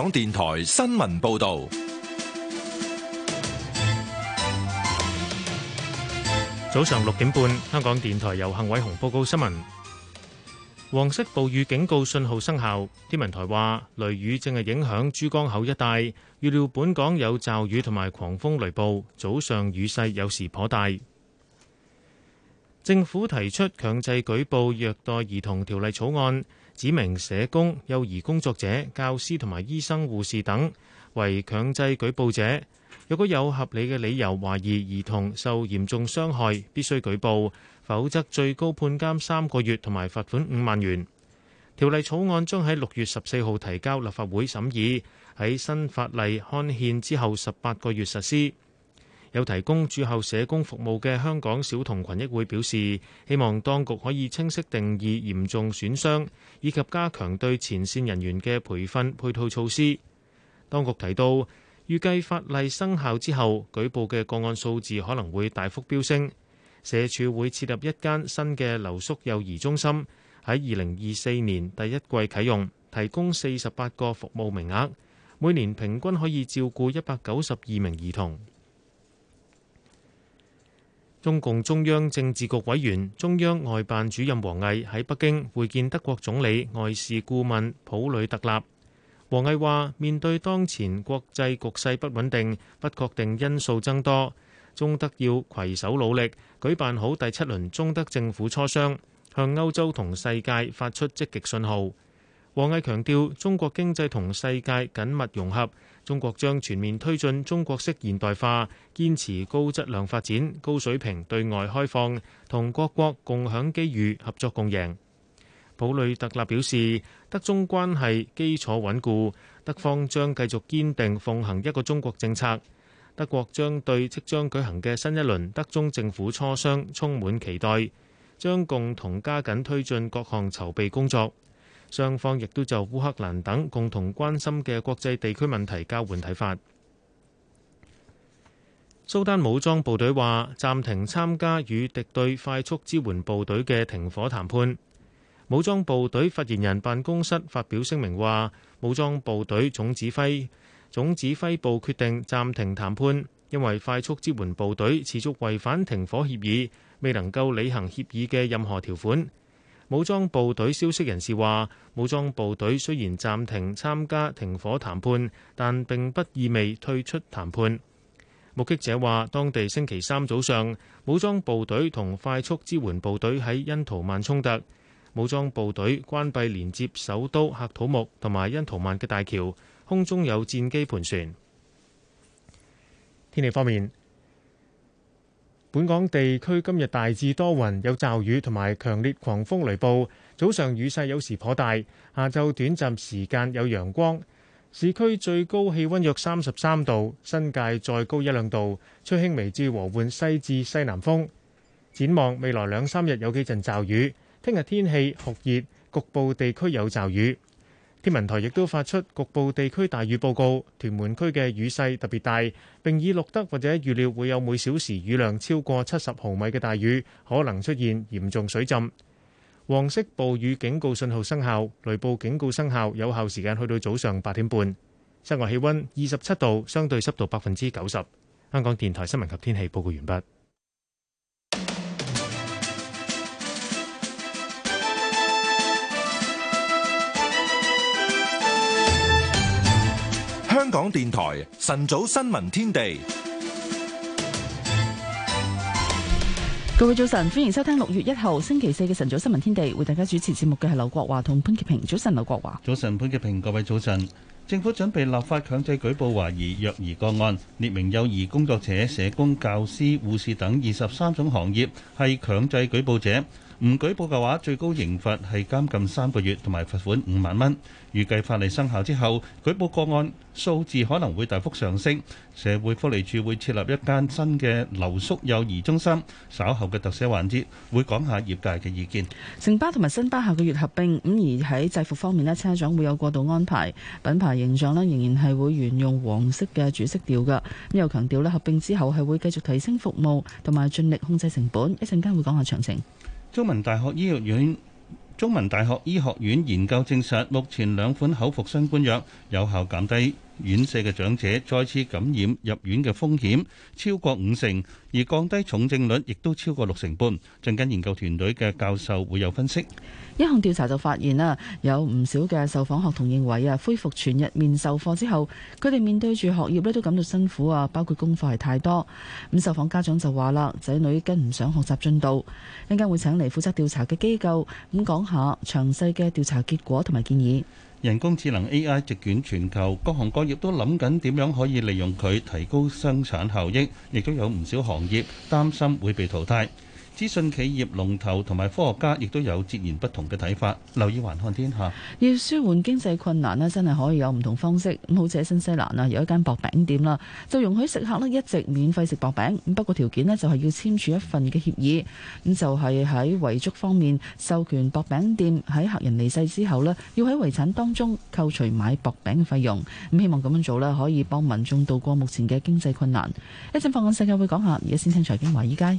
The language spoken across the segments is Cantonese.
香港電台新聞報道，早上六點半，香港電台由幸偉雄報告新聞。黃色暴雨警告信號生效，天文台話雷雨正係影響珠江口一帶，預料本港有驟雨同埋狂風雷暴，早上雨勢有時頗大。政府提出強制舉報虐待兒童條例草案。指明社工、幼兒工作者、教師同埋醫生、護士等為強制舉報者。如果有合理嘅理由懷疑兒童受嚴重傷害，必須舉報，否則最高判監三個月同埋罰款五萬元。條例草案將喺六月十四號提交立法會審議，喺新法例刊憲之後十八個月實施。有提供駐校社工服務嘅香港小童群益會表示，希望當局可以清晰定義嚴重損傷，以及加強對前線人員嘅培訓配套措施。當局提到，預計法例生效之後，舉報嘅個案數字可能會大幅飆升。社署會設立一間新嘅留宿幼兒中心，喺二零二四年第一季啟用，提供四十八個服務名額，每年平均可以照顧一百九十二名兒童。中共中央政治局委員、中央外辦主任王毅喺北京會見德國總理外事顧問普裏特納。王毅話：面對當前國際局勢不穩定、不確定因素增多，中德要攜手努力，舉辦好第七輪中德政府磋商，向歐洲同世界發出積極信號。王毅強調：中國經濟同世界緊密融合。中國將全面推進中國式現代化，堅持高質量發展、高水平對外開放，同各國共享機遇、合作共贏。普雷特納表示，德中關係基礎穩固，德方將繼續堅定奉行一個中國政策。德國將對即將舉行嘅新一輪德中政府磋商充滿期待，將共同加緊推進各項籌備工作。雙方亦都就烏克蘭等共同關心嘅國際地區問題交換睇法。蘇丹武裝部隊話暫停參加與敵對快速支援部隊嘅停火談判。武裝部隊發言人辦公室發表聲明話：武裝部隊總指揮，總指揮部決定暫停談判，因為快速支援部隊持續違反停火協議，未能夠履行協議嘅任何條款。武裝部隊消息人士話，武裝部隊雖然暫停參加停火談判，但並不意味退出談判。目擊者話，當地星期三早上，武裝部隊同快速支援部隊喺恩圖曼衝突，武裝部隊關閉連接首都喀土穆同埋恩圖曼嘅大橋，空中有戰機盤旋。天氣方面。本港地區今日大致多雲，有驟雨同埋強烈狂風雷暴，早上雨勢有時頗大，下晝短暫時間有陽光。市區最高氣温約三十三度，新界再高一兩度，吹輕微至和緩西至西南風。展望未來兩三日有幾陣驟雨，聽日天，天氣酷熱，局部地區有驟雨。天文台亦都發出局部地區大雨報告，屯門區嘅雨勢特別大，並已錄得或者預料會有每小時雨量超過七十毫米嘅大雨，可能出現嚴重水浸。黃色暴雨警告信號生效，雷暴警告生效，有效時間去到早上八點半。室外氣温二十七度，相對濕度百分之九十。香港電台新聞及天氣報告完畢。香港電台晨早新聞天地，各位早晨，歡迎收聽六月一號星期四嘅晨早新聞天地，為大家主持節目嘅係劉國華同潘潔平。早晨，劉國華，早晨，潘潔平，各位早晨。政府準備立法強制舉報懷疑虐兒個案，列明幼兒工作者、社工、教師、護士等二十三種行業係強制舉報者。唔舉報嘅話，最高刑罰係監禁三個月同埋罰款五萬蚊。預計法例生效之後，舉報個案數字可能會大幅上升。社會福利署會設立一間新嘅留宿幼兒中心。稍後嘅特寫環節會講下業界嘅意見。城巴同埋新巴下個月合併，咁而喺制服方面咧，車長會有過度安排，品牌形象咧仍然係會沿用黃色嘅主色調嘅。咁又強調咧，合併之後係會繼續提升服務同埋盡力控制成本。一陣間會講下詳情。中文大學醫學院中文大學醫學院研究證實，目前兩款口服新冠藥有效減低院舍嘅長者再次感染入院嘅風險超過五成，而降低重症率亦都超過六成半。陣間研究團隊嘅教授會有分析。一項調查就發現啦，有唔少嘅受訪學童認為啊，恢復全日面授課之後，佢哋面對住學業咧都感到辛苦啊，包括功課係太多。咁受訪家長就話啦，仔女跟唔上學習進度。陣間會請嚟負責調查嘅機構咁講下詳細嘅調查結果同埋建議。人工智能 AI 席捲全球，各行各業都諗緊點樣可以利用佢提高生產效益，亦都有唔少行業擔心會被淘汰。資訊企業龍頭同埋科學家亦都有截然不同嘅睇法。留意環看天下，要舒緩經濟困難咧，真係可以有唔同方式。好似喺新西蘭啊，有一間薄餅店啦，就容許食客咧一直免費食薄餅。咁不過條件咧就係要簽署一份嘅協議，咁就係、是、喺遺囑方面授權薄餅店喺客人離世之後咧，要喺遺產當中扣除買薄餅嘅費用。咁希望咁樣做咧，可以幫民眾度過目前嘅經濟困難。一陣放眼世界會講下，而家先聽財經華爾街。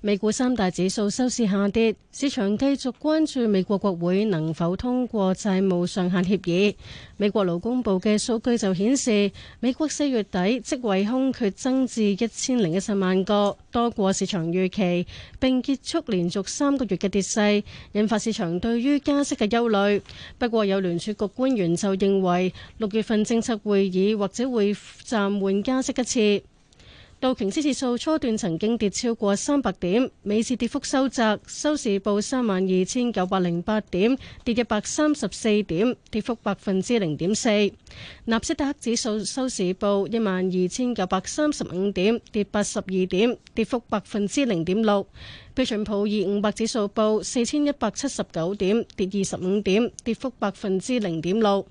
美股三大指數收市下跌，市場繼續關注美國國會能否通過債務上限協議。美國勞工部嘅數據就顯示，美國四月底職位空缺增至一千零一十萬個，多過市場預期，並結束連續三個月嘅跌勢，引發市場對於加息嘅憂慮。不過，有聯儲局官員就認為，六月份政策會議或者會暫緩加息一次。道瓊斯指數初段曾經跌超過三百點，尾市跌幅收窄，收市報三萬二千九百零八點，跌一百三十四點，跌幅百分之零點四。納斯達克指數收市報一萬二千九百三十五點，跌八十二點，跌幅百分之零點六。標準普爾五百指數報四千一百七十九點，跌二十五點，跌幅百分之零點六。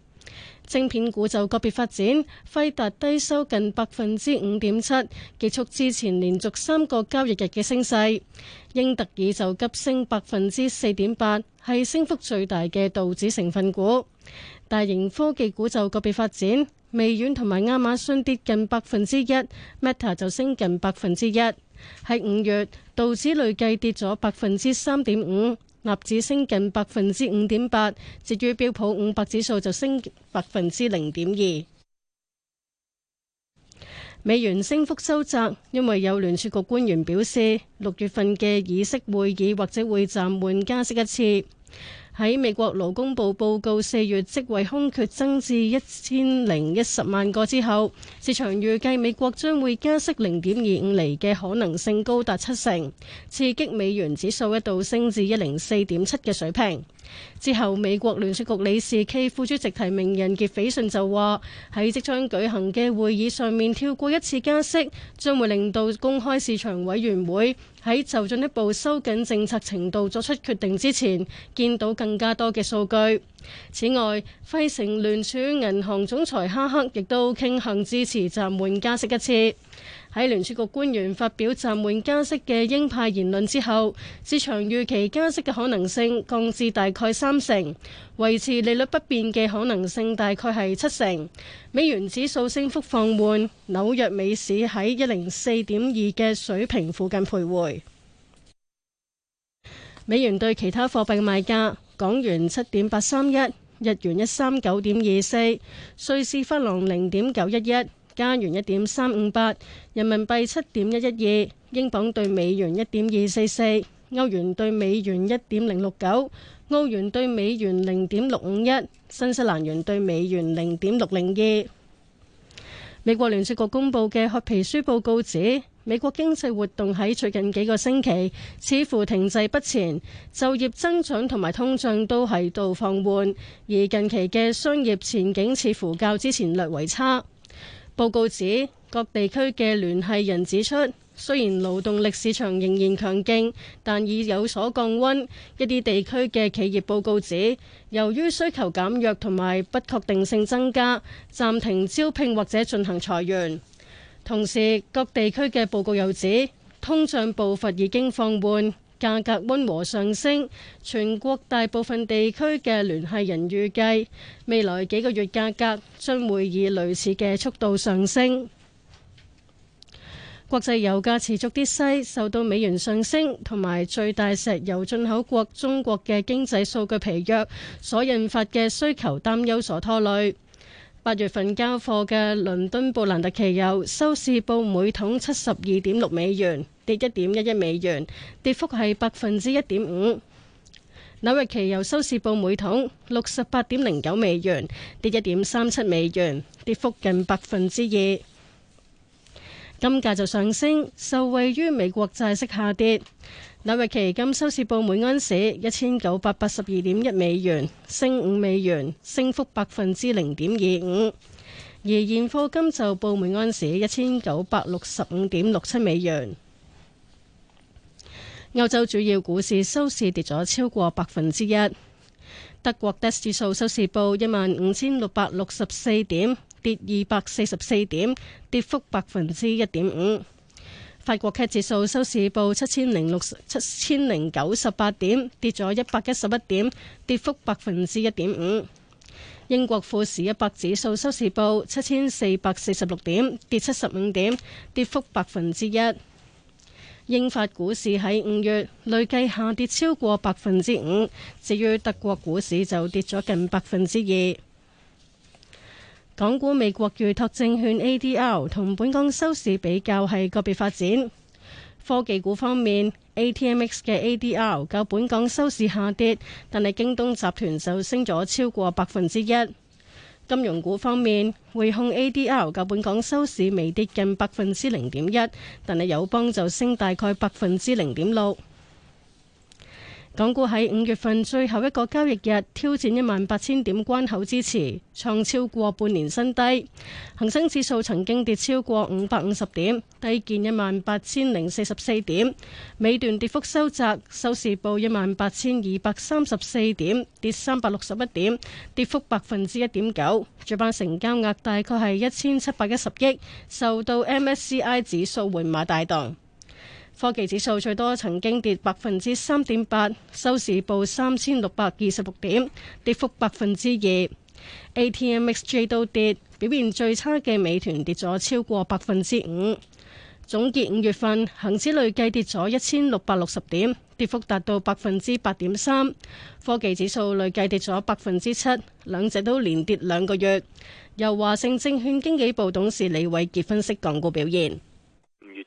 晶片股就個別發展，輝達低收近百分之五點七，結束之前連續三個交易日嘅升勢。英特爾就急升百分之四點八，係升幅最大嘅道指成分股。大型科技股就個別發展，微軟同埋亞馬遜跌近百分之一，Meta 就升近百分之一。喺五月，道指累計跌咗百分之三點五。納指升近百分之五點八，至於標普五百指數就升百分之零點二。美元升幅收窄，因為有聯儲局官員表示，六月份嘅議息會議或者會暫緩加息一次。喺美國勞工部報告四月職位空缺增至一千零一十萬個之後，市場預計美國將會加息零點二五厘嘅可能性高達七成，刺激美元指數一度升至一零四點七嘅水平。之後，美國聯儲局理事暨副主席提名人傑斐遜就話：喺即將舉行嘅會議上面跳過一次加息，將會令到公開市場委員會喺就進一步收緊政策程度作出決定之前，見到更加多嘅數據。此外，費城聯儲銀行總裁哈克亦都傾向支持暫緩加息一次。喺聯儲局官員發表暫緩加息嘅鷹派言論之後，市場預期加息嘅可能性降至大概三成，維持利率不變嘅可能性大概係七成。美元指數升幅放緩，紐約美市喺一零四點二嘅水平附近徘徊。美元對其他貨幣嘅賣價：港元七點八三一，日元一三九點二四，瑞士法郎零點九一一。加元一點三五八，人民幣七點一一二，英鎊兌美元一點二四四，歐元兌美元一點零六九，澳元兌美元零點六五一，新西蘭元兌美元零點六零二。美國聯儲局公布嘅褐皮書報，報告指，美國經濟活動喺最近幾個星期似乎停滯不前，就業增長同埋通脹都喺度放緩，而近期嘅商業前景似乎較之前略為差。報告指各地區嘅聯繫人指出，雖然勞動力市場仍然強勁，但已有所降溫。一啲地區嘅企業報告指，由於需求減弱同埋不確定性增加，暫停招聘或者進行裁員。同時，各地區嘅報告又指，通脹步伐已經放緩。價格溫和上升，全國大部分地區嘅聯繫人預計未來幾個月價格將會以類似嘅速度上升。國際油價持續跌勢，受到美元上升同埋最大石油進口國中國嘅經濟數據疲弱所引發嘅需求擔憂所拖累。八月份交貨嘅倫敦布蘭特期油收市報每桶七十二點六美元。1> 跌一點一一美元，跌幅係百分之一點五。紐約期油收市報每桶六十八點零九美元，跌一點三七美元，跌幅近百分之二。金價就上升，受惠於美國債息下跌。紐約期金收市報每盎司一千九百八十二點一美元，升五美元，升幅百分之零點二五。而現貨金就報每盎司一千九百六十五點六七美元。歐洲主要股市收市跌咗超過百分之一。德國德指數收市報一萬五千六百六十四點，跌二百四十四點，跌幅百分之一點五。法國 CAC 指數收市報七千零六七千零九十八點，跌咗一百一十一點，跌幅百分之一點五。英國富時一百指數收市報七千四百四十六點，跌七十五點，跌幅百分之一。英法股市喺五月累計下跌超過百分之五，至於德國股市就跌咗近百分之二。港股美國預託證券 A D R 同本港收市比較係個別發展。科技股方面，A T M X 嘅 A D R 較本港收市下跌，但係京東集團就升咗超過百分之一。金融股方面，匯控 ADR 較本港收市微跌近百分之零點一，但係友邦就升大概百分之零點六。港股喺五月份最後一個交易日挑戰一萬八千點關口支持，創超過半年新低。恒生指數曾經跌超過五百五十點，低見一萬八千零四十四點。尾段跌幅收窄，收市報一萬八千二百三十四點，跌三百六十一點，跌幅百分之一點九。主板成交額大概係一千七百一十億，受到 MSCI 指數換馬帶動。科技指數最多曾經跌百分之三點八，收市報三千六百二十六點，跌幅百分之二。A T M X J 都跌，表現最差嘅美團跌咗超過百分之五。總結五月份恒指累計跌咗一千六百六十點，跌幅達到百分之八點三。科技指數累計跌咗百分之七，兩者都連跌兩個月。由華盛證券經紀部董事李偉杰分析港股表現。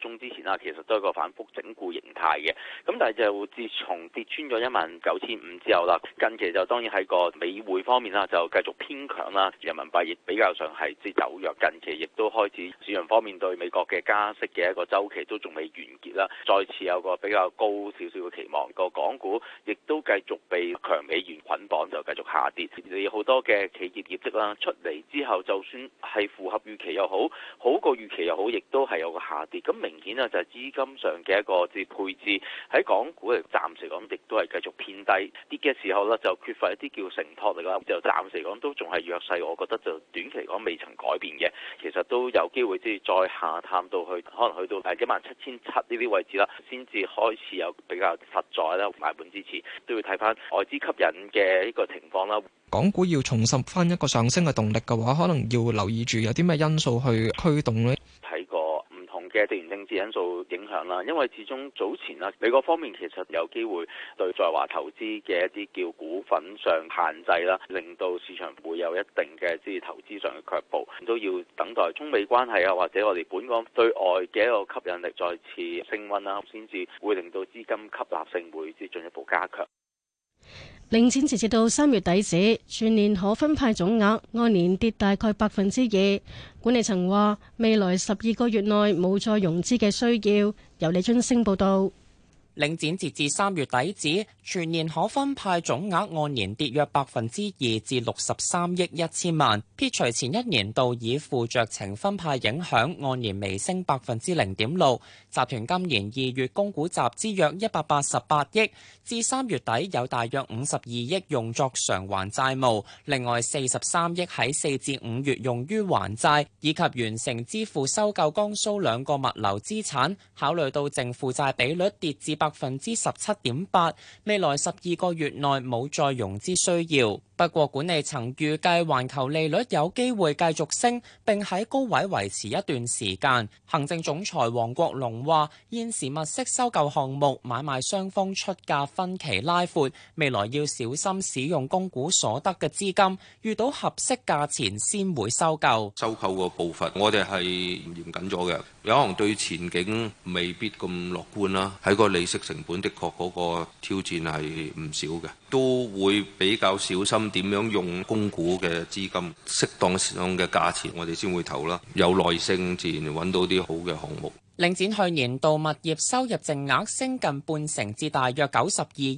中之前啦，其實都係個反复整固形態嘅，咁但係就自從跌穿咗一萬九千五之後啦，近期就當然喺個美匯方面啦，就繼續偏強啦，人民幣亦比較上係即走弱，近期亦都開始市場方面對美國嘅加息嘅一個週期都仲未完結啦，再次有個比較高少少嘅期望，個港股亦都繼續被強美元捆綁，就繼續下跌，你好多嘅企業業績啦出嚟之後就算係符合預期又好，好過預期又好，亦都係有個下跌，咁明顯啊就資金上嘅一個即配置，喺港股嚟暫時講，亦都係繼續偏低啲嘅時候咧，就缺乏一啲叫承托力啦。就暫時講都仲係弱勢，我覺得就短期講未曾改變嘅，其實都有機會即係再下探到去，可能去到誒一萬七千七呢啲位置啦，先至開始有比較實在咧買盤支持，都要睇翻外資吸引嘅一個情況啦。港股要重拾翻一個上升嘅動力嘅話，可能要留意住有啲咩因素去驅動咧。嘅地緣政治因素影響啦，因為始終早前啦，美國方面其實有機會對在華投資嘅一啲叫股份上限制啦，令到市場會有一定嘅即係投資上嘅卻步，都要等待中美關係啊，或者我哋本港對外嘅一個吸引力再次升溫啦，先至會令到資金吸納性會即係進一步加強。令錢截止到三月底止，全年可分派總額按年跌大概百分之二。管理層話未來十二個月內冇再融資嘅需要。由李津升報導。領展截至三月底止，全年可分派總額按年跌約百分之二至六十三億一千萬，撇除前一年度已付酌情分派影響，按年微升百分之零點六。集團今年二月供股集資約一百八十八億，至三月底有大約五十二億用作償還債務，另外四十三億喺四至五月用於還債以及完成支付收購江蘇兩個物流資產。考慮到淨負債比率跌至百百分之十七點八，未來十二個月內冇再融資需要。不過管理層預計環球利率有機會繼續升，並喺高位維持一段時間。行政總裁黃國龍話，現時物色收購項目，買賣雙方出價分歧拉闊，未來要小心使用公股所得嘅資金，遇到合適價錢先會收購。收購個步伐我哋係嚴謹咗嘅，有可能對前景未必咁樂觀啦。喺個利息成本的確嗰個挑戰係唔少嘅，都會比較小心。點樣用公股嘅資金，適當時用嘅價錢，我哋先會投啦。有耐性，自然揾到啲好嘅項目。領展去年度物業收入淨額升近半成至大約九十二億，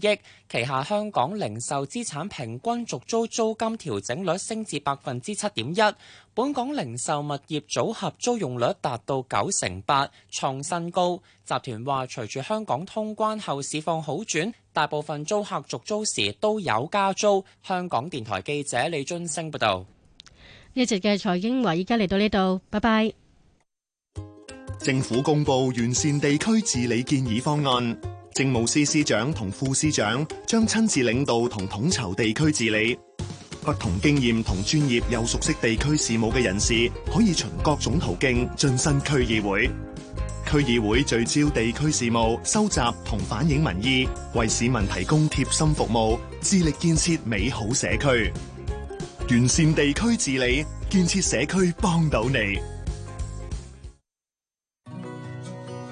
旗下香港零售資產平均續租租金調整率升至百分之七點一，本港零售物業組合租用率達到九成八，創新高。集團話，隨住香港通關後市況好轉，大部分租客續租時都有加租。香港電台記者李津升報道。一直嘅財經話，依家嚟到呢度，拜拜。政府公布完善地區治理建議方案，政務司司長同副司長將親自領導同統籌地區治理。不同經驗同專業又熟悉地區事務嘅人士，可以循各種途徑進身區議會。區議會聚焦地區事務，收集同反映民意，為市民提供貼心服務，致力建設美好社區。完善地區治理，建設社區，幫到你。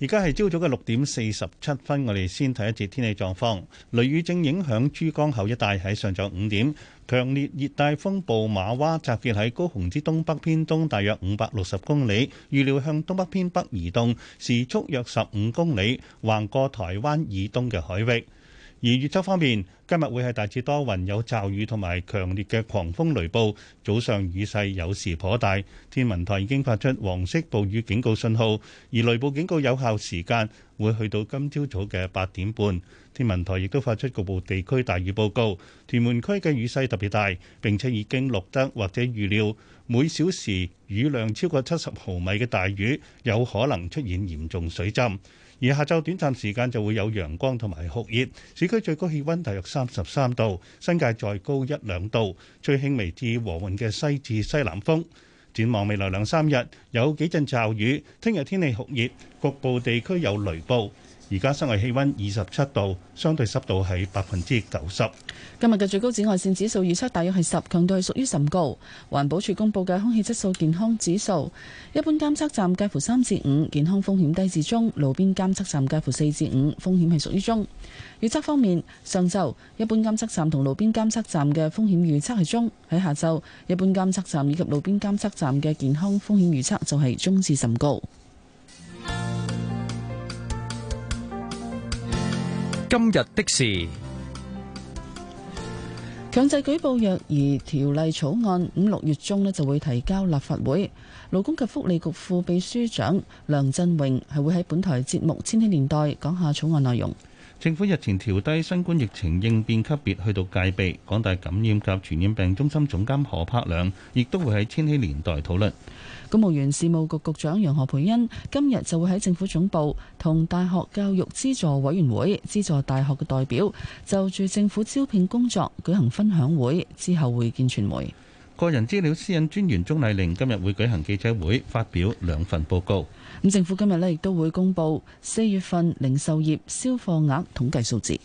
而家係朝早嘅六點四十七分，我哋先睇一節天氣狀況。雷雨正影響珠江口一帶，喺上晝五點，強烈熱帶風暴馬娃集結喺高雄之東北偏東大約五百六十公里，預料向東北偏北移動，時速約十五公里，橫過台灣以東嘅海域。而越州方面，今日會係大致多雲有驟雨同埋強烈嘅狂風雷暴。早上雨勢有時頗大，天文台已經發出黃色暴雨警告信號，而雷暴警告有效時間會去到今朝早嘅八點半。天文台亦都發出局部地區大雨報告，屯門區嘅雨勢特別大，並且已經錄得或者預料每小時雨量超過七十毫米嘅大雨，有可能出現嚴重水浸。而下晝短暫時間就會有陽光同埋酷熱，市區最高氣溫大約三十三度，新界再高一兩度，最輕微至和緩嘅西至西南風。展望未來兩三日有幾陣驟雨，聽日天，天氣酷熱，局部地區有雷暴。而家室外氣溫二十七度，相對濕度係百分之九十。今日嘅最高紫外線指數預測大約係十，強度係屬於甚高。環保署公布嘅空氣質素健康指數，一般監測站介乎三至五，健康風險低至中；路邊監測站介乎四至五，風險係屬於中。預測方面，上晝一般監測站同路邊監測站嘅風險預測係中；喺下晝一般監測站以及路邊監測站嘅健康風險預測就係中至甚高。 今日的事，強制舉報虐兒條例草案，五六月中咧就會提交立法會。勞工及福利局副秘書長梁振榮係會喺本台節目《千禧年代》講下草案內容。政府日前調低新冠疫情應變級別去到戒備，港大感染及傳染病中心總監何柏良亦都會喺《千禧年代》討論。公務員事務局局長楊何培恩今日就會喺政府總部同大學教育資助委員會資助大學嘅代表就住政府招聘工作舉行分享會，之後會見傳媒。個人資料私隱專員鍾麗玲今日會舉行記者會，發表兩份報告。咁，政府今日呢亦都會公布四月份零售業銷貨額統計數字。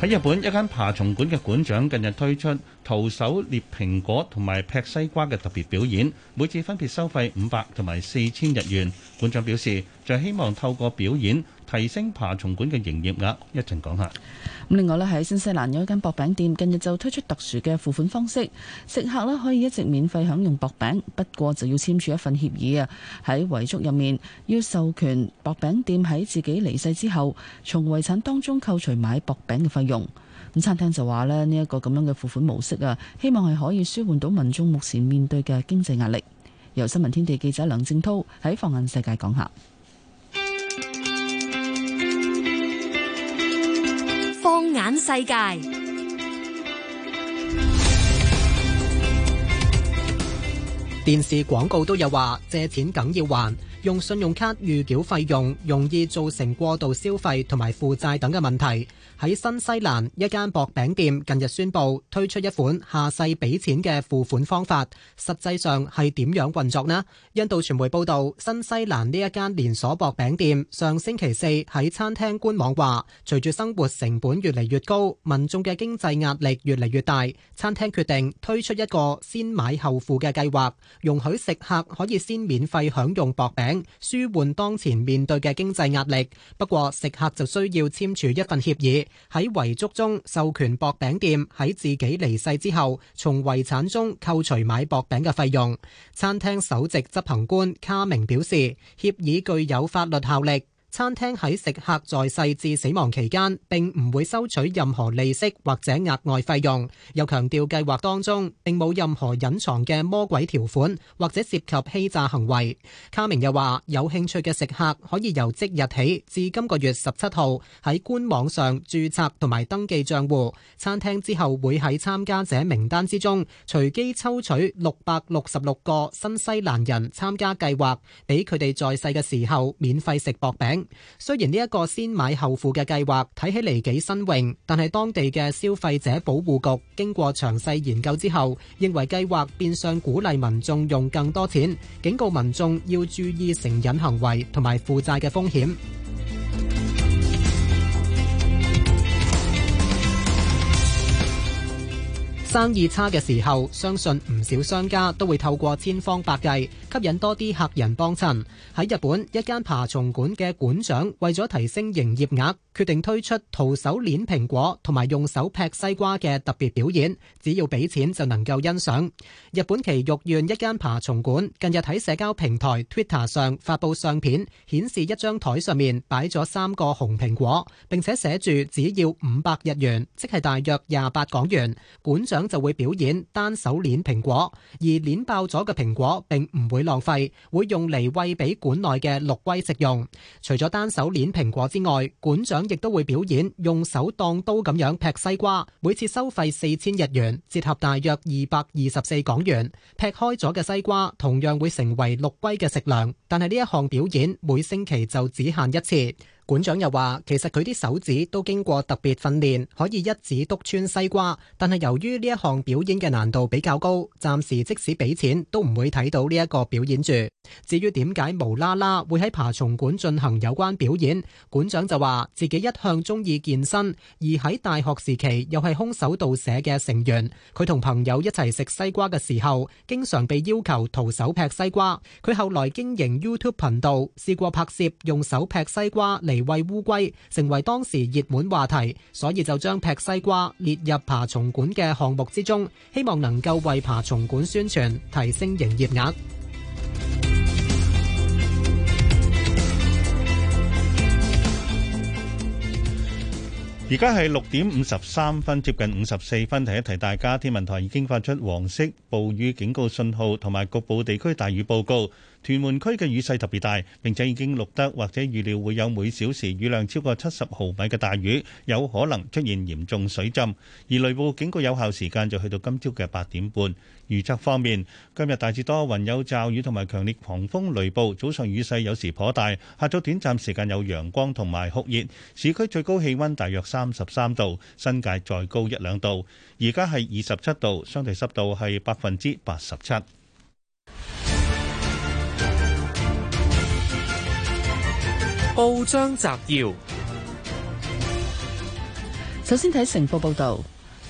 喺日本一間爬蟲館嘅館長近日推出徒手捏蘋果同埋劈西瓜嘅特別表演，每次分別收費五百同埋四千日元。館長表示，就希望透過表演，提升爬蟲館嘅營業額，一陣講下。咁另外咧，喺新西蘭有一間薄餅店，近日就推出特殊嘅付款方式，食客咧可以一直免費享用薄餅，不過就要簽署一份協議啊。喺遺囑入面要授權薄餅店喺自己離世之後，從遺產當中扣除買薄餅嘅費用。咁餐廳就話咧，呢一個咁樣嘅付款模式啊，希望係可以舒緩到民眾目前面對嘅經濟壓力。由新聞天地記者梁正濤喺放眼世界講下。放眼世界，電視廣告都有話借錢梗要還，用信用卡預繳費用容易造成過度消費同埋負債等嘅問題。喺新西蘭一間薄餅店近日宣布推出一款下世俾錢嘅付款方法，實際上係點樣運作呢？印度傳媒報道，新西蘭呢一間連鎖薄餅店上星期四喺餐廳官網話，隨住生活成本越嚟越高，民眾嘅經濟壓力越嚟越大，餐廳決定推出一個先買後付嘅計劃，容許食客可以先免費享用薄餅，舒緩當前面對嘅經濟壓力。不過食客就需要簽署一份協議。喺遺囑中授權薄餅店喺自己離世之後，從遺產中扣除買薄餅嘅費用。餐廳首席執行官卡明表示，協議具有法律效力。餐廳喺食客在世至死亡期間並唔會收取任何利息或者額外費用，又強調計劃當中並冇任何隱藏嘅魔鬼條款或者涉及欺詐行為。卡明又話，有興趣嘅食客可以由即日起至今個月十七號喺官網上註冊同埋登記賬戶，餐廳之後會喺參加者名單之中隨機抽取六百六十六個新西蘭人參加計劃，俾佢哋在世嘅時候免費食薄餅。雖然呢一個先買後付嘅計劃睇起嚟幾新穎，但係當地嘅消費者保護局經過詳細研究之後，認為計劃變相鼓勵民眾用更多錢，警告民眾要注意成癮行為同埋負債嘅風險。生意差嘅時候，相信唔少商家都會透過千方百計吸引多啲客人幫襯。喺日本，一間爬蟲館嘅館長為咗提升營業額，決定推出徒手攣蘋果同埋用手劈西瓜嘅特別表演，只要俾錢就能夠欣賞。日本埼玉縣一間爬蟲館近日喺社交平台 Twitter 上發布相片，顯示一張枱上面擺咗三個紅蘋果，並且寫住只要五百日元，即係大約廿八港元。館長等就會表演單手攣蘋果，而攣爆咗嘅蘋果並唔會浪費，會用嚟餵俾館內嘅陸龜食用。除咗單手攣蘋果之外，館長亦都會表演用手當刀咁樣劈西瓜，每次收費四千日元，折合大約二百二十四港元。劈開咗嘅西瓜同樣會成為陸龜嘅食糧。但係呢一項表演每星期就只限一次。館長又話，其實佢啲手指都經過特別訓練，可以一指篤穿西瓜。但係由於呢一項表演嘅難度比較高，暫時即使俾錢都唔會睇到呢一個表演住。至於點解無啦啦會喺爬蟲館進行有關表演，館長就話自己一向中意健身，而喺大學時期又係空手道社嘅成員。佢同朋友一齊食西瓜嘅時候，經常被要求徒手劈西瓜。佢後來經營。YouTube 頻道試過拍攝用手劈西瓜嚟餵烏龜，成為當時熱門話題，所以就將劈西瓜列入爬蟲館嘅項目之中，希望能夠為爬蟲館宣傳，提升營業額。而家係六點五十三分，接近五十四分，提一提大家，天文台已經發出黃色暴雨警告信號，同埋局部地區大雨報告。屯門區嘅雨勢特別大，並且已經錄得或者預料會有每小時雨量超過七十毫米嘅大雨，有可能出現嚴重水浸。而雷暴警告有效時間就去到今朝嘅八點半。預測方面，今日大致多雲有驟雨同埋強烈狂風雷暴，早上雨勢有時頗大，下晝短暫時間有陽光同埋酷熱。市區最高氣溫大約三十三度，新界再高一兩度。而家係二十七度，相對濕度係百分之八十七。報章摘要：首先睇成報報道，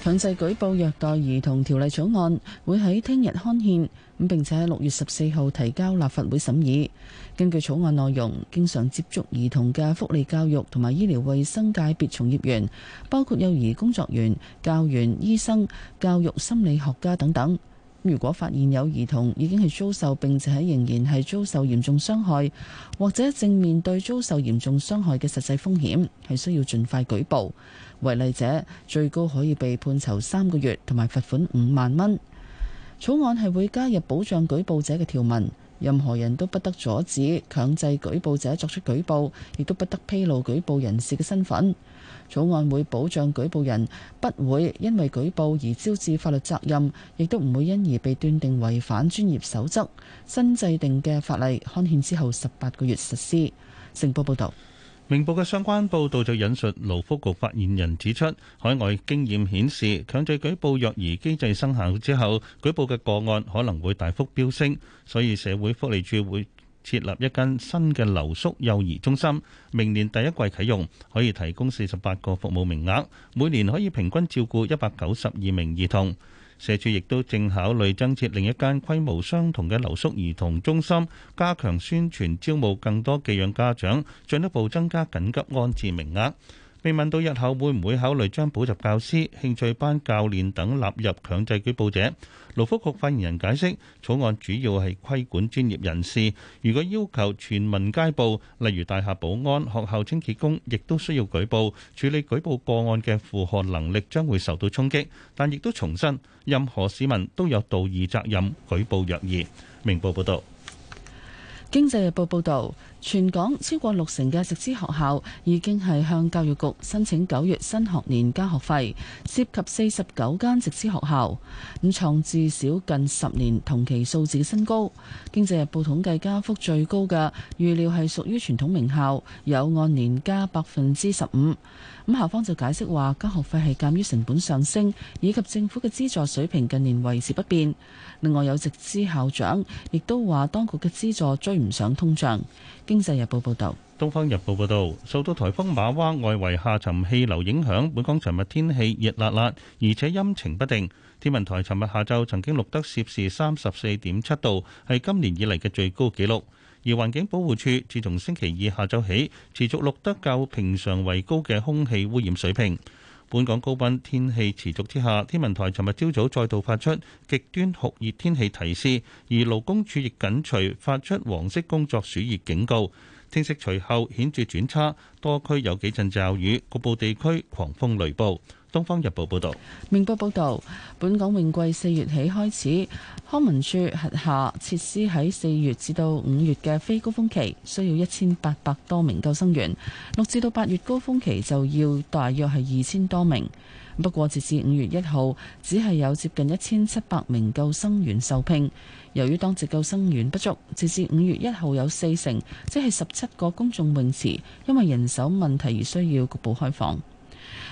強制舉報虐待兒童條例草案會喺聽日刊憲，咁，並且喺六月十四號提交立法會審議。根據草案內容，經常接觸兒童嘅福利、教育同埋醫療衛生界別從業員，包括幼兒工作員、教員、醫生、教育心理學家等等。如果發現有兒童已經係遭受並且仍然係遭受嚴重傷害，或者正面對遭受嚴重傷害嘅實際風險，係需要盡快舉報。違例者最高可以被判囚三個月同埋罰款五萬蚊。草案係會加入保障舉報者嘅條文，任何人都不得阻止強制舉報者作出舉報，亦都不得披露舉報人士嘅身份。草案會保障舉報人不會因為舉報而招致法律責任，亦都唔會因而被斷定違反專業守則。新制定嘅法例刊憲之後十八個月實施。成報報導，明報嘅相關報導就引述勞福局發言人指出，海外經驗顯示強制舉報虐兒機制生效之後，舉報嘅個案可能會大幅飆升，所以社會福利署會，設立一間新嘅留宿幼兒中心，明年第一季啟用，可以提供四十八個服務名額，每年可以平均照顧一百九十二名兒童。社署亦都正考慮增設另一間規模相同嘅留宿兒童中心，加強宣傳招募更多寄養家長，進一步增加緊急安置名額。被問到日後會唔會考慮將補習教師、興趣班教練等納入強制舉報者，勞福局發言人解釋草案主要係規管專業人士。如果要求全民皆報，例如大廈保安、學校清潔工，亦都需要舉報。處理舉報個案嘅負荷能力將會受到衝擊。但亦都重申，任何市民都有道義責任舉報虐兒。明報報道。經濟日報報道，全港超過六成嘅直資學校已經係向教育局申請九月新學年加學費，涉及四十九間直資學校，咁創至少近十年同期數字新高。經濟日報統計，加幅最高嘅預料係屬於傳統名校，有按年加百分之十五。咁校方就解釋話，加學費係鑑於成本上升，以及政府嘅資助水平近年維持不變。另外有直資校長亦都話，當局嘅資助追唔上通脹。經濟日報報導，東方日報報導，受到颱風瑪娃外圍下沉氣流影響，本港尋日天氣熱辣辣，而且陰晴不定。天文台尋日下晝曾經錄得攝氏三十四點七度，係今年以嚟嘅最高紀錄。而環境保護署自從星期二下晝起，持續錄得較平常為高嘅空氣污染水平。本港高溫天氣持續之下，天文台尋日朝早再度發出極端酷熱天氣提示，而勞工處亦緊隨發出黃色工作暑熱警告。天色隨後顯著轉差，多區有幾陣驟雨，局部地區狂風雷暴。《東方日報》報道。《明報》報道，本港泳季四月起開始，康文署轄下設施喺四月至到五月嘅非高峰期需要一千八百多名救生員，六至到八月高峰期就要大約係二千多名。不過，截至五月一號，只係有接近一千七百名救生員受聘。由於當值救生員不足，截至五月一號有四成，即係十七個公眾泳池因為人手問題而需要局部開放。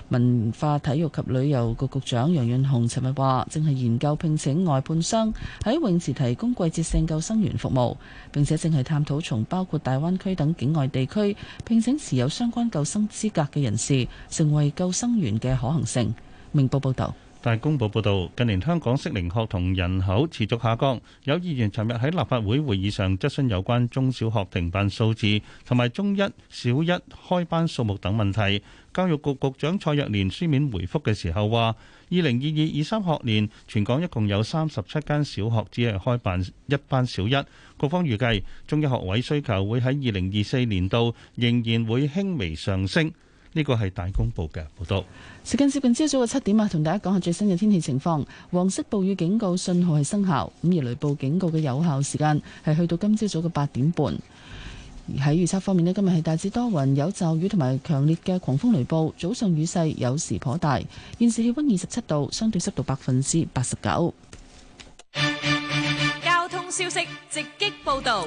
文化體育及旅遊局局長楊潤雄尋日話，正係研究聘請外判商喺泳池提供季節性救生員服務，並且正係探討從包括大灣區等境外地區聘請持有相關救生資格嘅人士，成為救生員嘅可行性。明報報道。大公報報導，近年香港適齡學童人口持續下降，有議員尋日喺立法會會議上質詢有關中小學停辦數字同埋中一小一開班數目等問題。教育局局長蔡若蓮書面回覆嘅時候話：二零二二二三學年全港一共有三十七間小學只係開辦一班小一，局方預計中一學位需求會喺二零二四年度仍然會輕微上升。呢個係大公報嘅報道。時間接近朝早嘅七點啊，同大家講下最新嘅天氣情況。黃色暴雨警告信號係生效，咁而雷暴警告嘅有效時間係去到今朝早嘅八點半。而喺預測方面咧，今日係大致多雲，有驟雨同埋強烈嘅狂風雷暴，早上雨勢有時頗大。現時氣溫二十七度，相對濕度百分之八十九。交通消息，直擊報道。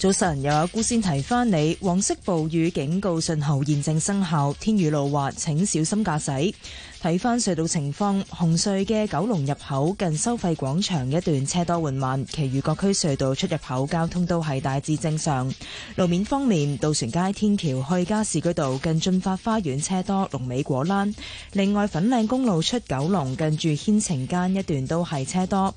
早晨，又有孤先提翻你，黃色暴雨警告信號現正生效，天雨路滑，請小心駕駛。睇翻隧道情況，紅隧嘅九龍入口近收費廣場一段車多緩慢，其餘各區隧道出入口交通都係大致正常。路面方面，渡船街天橋去加士居道近駿發花園車多，龍尾果欄。另外，粉嶺公路出九龍近住牽晴間一段都係車多。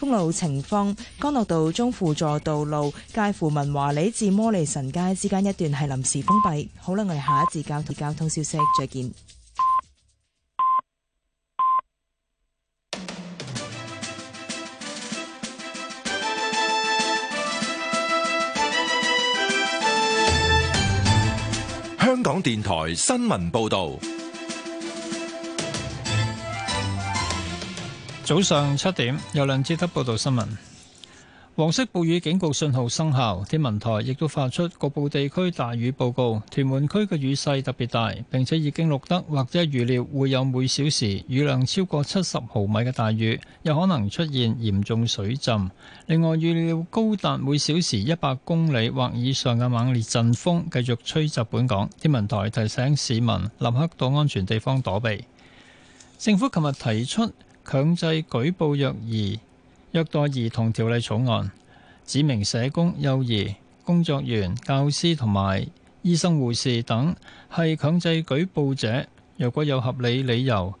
公路情況，干諾道中輔助道路介乎文華里至摩利臣街之間一段係臨時封閉。好啦，我哋下一節交交通消息，再見。香港電台新聞報道。早上七點，由梁志德報道新聞。黃色暴雨警告信號生效，天文台亦都發出局部地區大雨報告。屯門區嘅雨勢特別大，並且已經錄得或者預料會有每小時雨量超過七十毫米嘅大雨，有可能出現嚴重水浸。另外，預料高達每小時一百公里或以上嘅猛烈陣風繼續吹襲本港。天文台提醒市民立刻到安全地方躲避。政府琴日提出。強制舉報虐兒、虐待兒童條例草案，指明社工、幼兒工作員、教師同埋醫生、護士等係強制舉報者。若果有合理理由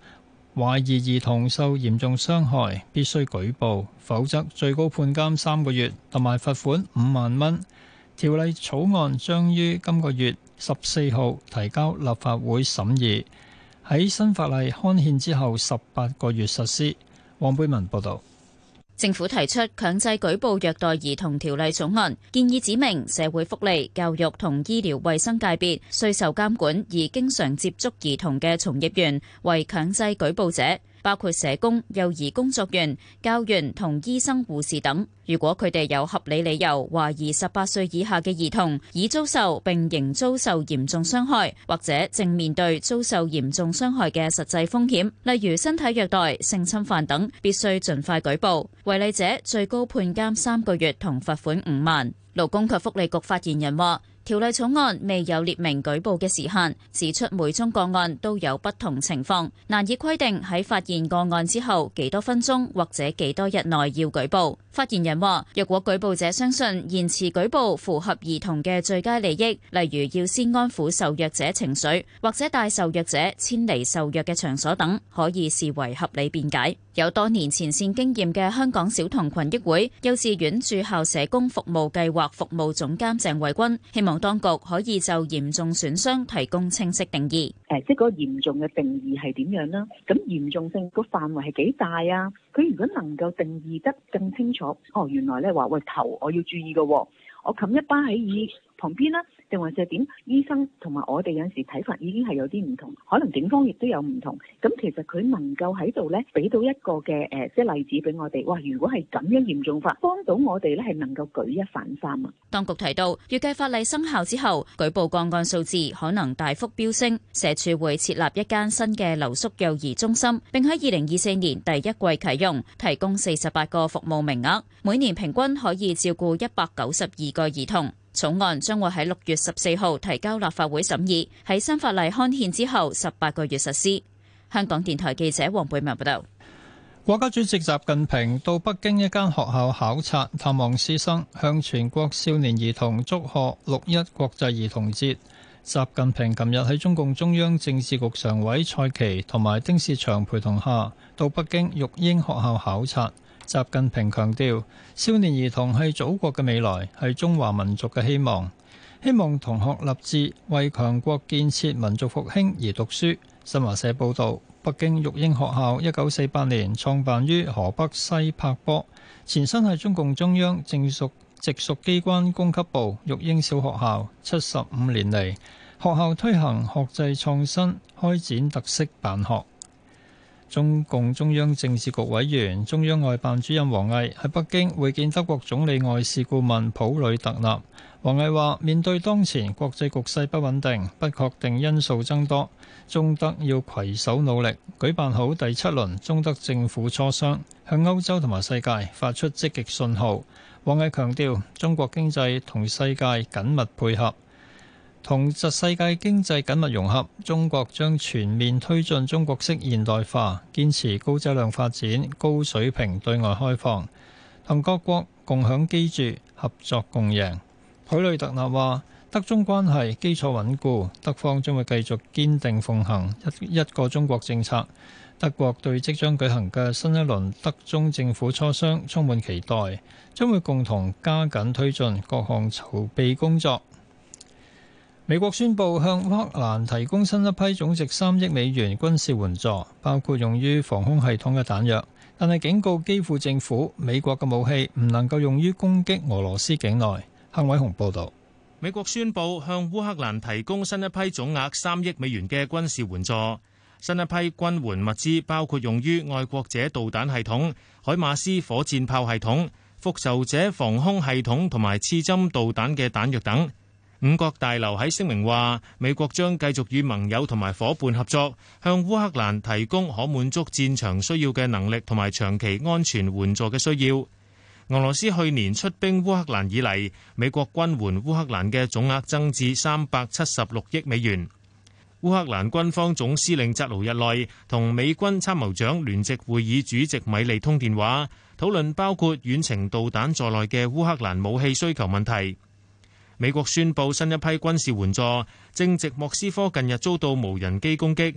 懷疑兒童受嚴重傷害，必須舉報，否則最高判監三個月同埋罰款五萬蚊。條例草案將於今個月十四號提交立法會審議。喺新法例刊憲之後十八個月實施。黃貝文報道，政府提出強制舉報虐待兒童條例草案，建議指明社會福利、教育同醫療衛生界別，需受監管而經常接觸兒童嘅從業員為強制舉報者。包括社工、幼兒工作員、教員同醫生、護士等。如果佢哋有合理理由懷疑十八歲以下嘅兒童已遭受並仍遭受嚴重傷害，或者正面對遭受嚴重傷害嘅實際風險，例如身體虐待、性侵犯等，必須盡快舉報，違例者，最高判監三個月同罰款五萬。勞工及福利局發言人話。條例草案未有列明舉報嘅時限，指出每宗個案都有不同情況，難以規定喺發現個案之後幾多分鐘或者幾多日內要舉報。發言人話，若果舉報者相信延遲舉報符合兒童嘅最佳利益，例如要先安撫受虐者情緒，或者帶受虐者遷離受虐嘅場所等，可以視為合理辯解。有多年前線經驗嘅香港小童群益會幼稚園駐校社工服務計劃服務總監鄭慧君希望當局可以就嚴重損傷提供清晰定義。誒，即嗰個嚴重嘅定義係點樣呢？咁嚴重性個範圍係幾大啊？佢如果能夠定義得更清楚，哦，原來咧話喂頭，我要注意嘅，哦，我冚一巴喺耳旁邊啦。定或者點？醫生同埋我哋有陣時睇法已經係有啲唔同，可能警方亦都有唔同。咁其實佢能夠喺度呢，俾到一個嘅誒，即、呃、例子俾我哋。哇！如果係咁樣嚴重法，幫到我哋呢，係能夠舉一反三啊！當局提到，預計法例生效之後，舉報個案數字可能大幅飆升。社署會設立一間新嘅留宿幼兒中心，並喺二零二四年第一季啟用，提供四十八個服務名額，每年平均可以照顧一百九十二個兒童。草案將會喺六月十四號提交立法會審議，喺新法例刊憲之後十八個月實施。香港電台記者黃貝文報道。國家主席習近平到北京一間學校考察、探望師生，向全國少年兒童祝賀六一國際兒童節。習近平琴日喺中共中央政治局常委蔡奇同埋丁薛祥陪同下，到北京育英學校考察。習近平強調，少年兒童係祖國嘅未來，係中華民族嘅希望，希望同學立志為強國建設、民族復興而讀書。新華社報道，北京育英學校一九四八年創辦於河北西柏坡，前身係中共中央正屬直屬機關供給部育英小學校。七十五年嚟，學校推行學制創新，開展特色辦學。中共中央政治局委員、中央外辦主任王毅喺北京會見德國總理外事顧問普呂特納，王毅話，面對當前國際局勢不穩定、不確定因素增多，中德要攜手努力，舉辦好第七輪中德政府磋商，向歐洲同埋世界發出積極信號，王毅強調中國經濟同世界緊密配合，同世界經濟緊密融合，中國將全面推進中國式現代化，堅持高質量發展、高水平對外開放，同各國共享機遇、合作共贏。許雷特納話：德中關係基礎穩固，德方將會繼續堅定奉行一一個中國政策。德國對即將舉行嘅新一輪德中政府磋商充滿期待，將會共同加緊推進各項籌備工作。美國宣布向烏克蘭提供新一批總值三億美元軍事援助，包括用於防空系統嘅彈藥，但係警告基輔政府，美國嘅武器唔能夠用於攻擊俄羅斯境內。幸偉雄報道。美國宣布向烏克蘭提供新一批總額三億美元嘅軍事援助，新一批軍援物資包括用於愛國者導彈系統、海馬斯火箭炮系統、復仇者防空系統同埋刺針導彈嘅彈藥等。五角大樓喺聲明話，美國將繼續與盟友同埋伙伴合作，向烏克蘭提供可滿足戰場需要嘅能力同埋長期安全援助嘅需要。俄羅斯去年出兵烏克蘭以嚟，美國軍援烏克蘭嘅總額增至三百七十六億美元。烏克蘭軍方總司令扎魯日內同美軍參謀長聯席會議主席米利通電話，討論包括遠程導彈在內嘅烏克蘭武器需求問題。美國宣布新一批軍事援助，正值莫斯科近日遭到無人機攻擊。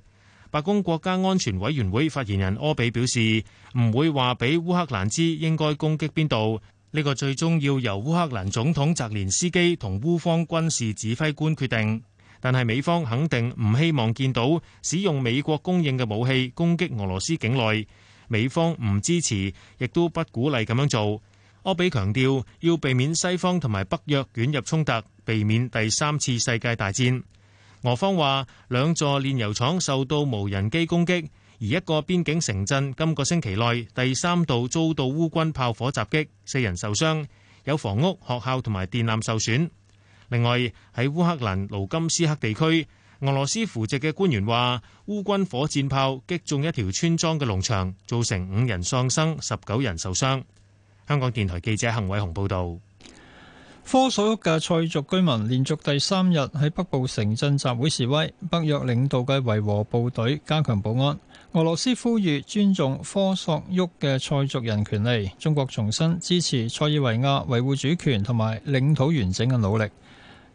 白宮國家安全委員會發言人柯比表示，唔會話俾烏克蘭知應該攻擊邊度，呢個最終要由烏克蘭總統澤連斯基同烏方軍事指揮官決定。但係美方肯定唔希望見到使用美國供應嘅武器攻擊俄羅斯境內，美方唔支持，亦都不鼓勵咁樣做。柯比強調要避免西方同埋北約捲入衝突，避免第三次世界大戰。俄方話兩座煉油廠受到無人機攻擊，而一個邊境城鎮今個星期內第三度遭到烏軍炮火襲擊，四人受傷，有房屋、學校同埋電纜受損。另外喺烏克蘭盧甘斯克地區，俄羅斯扶植嘅官員話烏軍火箭炮擊中一條村莊嘅農場，造成五人喪生，十九人受傷。香港電台記者幸偉雄報道：科索沃嘅塞族居民連續第三日喺北部城鎮集會示威，北約領導嘅維和部隊加強保安。俄羅斯呼籲尊重科索沃嘅塞族人權利。中國重申支持塞爾維亞維護主權同埋領土完整嘅努力。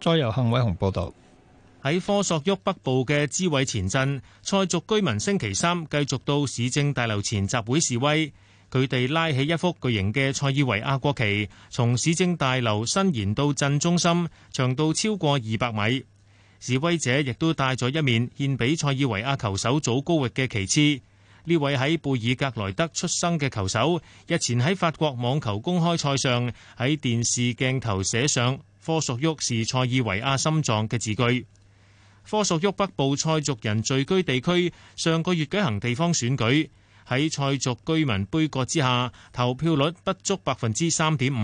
再由幸偉雄報道：喺科索沃北部嘅支委前鎮，塞族居民星期三繼續到市政大樓前集會示威。佢哋拉起一幅巨型嘅塞爾維亞國旗，從市政大樓伸延到鎮中心，長度超過二百米。示威者亦都帶咗一面獻俾塞爾維亞球手祖高域嘅旗幟。呢位喺貝爾格萊德出生嘅球手，日前喺法國網球公開賽上喺電視鏡頭寫上科索沃是塞爾維亞心臟嘅字句。科索沃北部塞族人聚居地區上個月舉行地方選舉。喺塞族居民杯葛之下，投票率不足百分之三點五。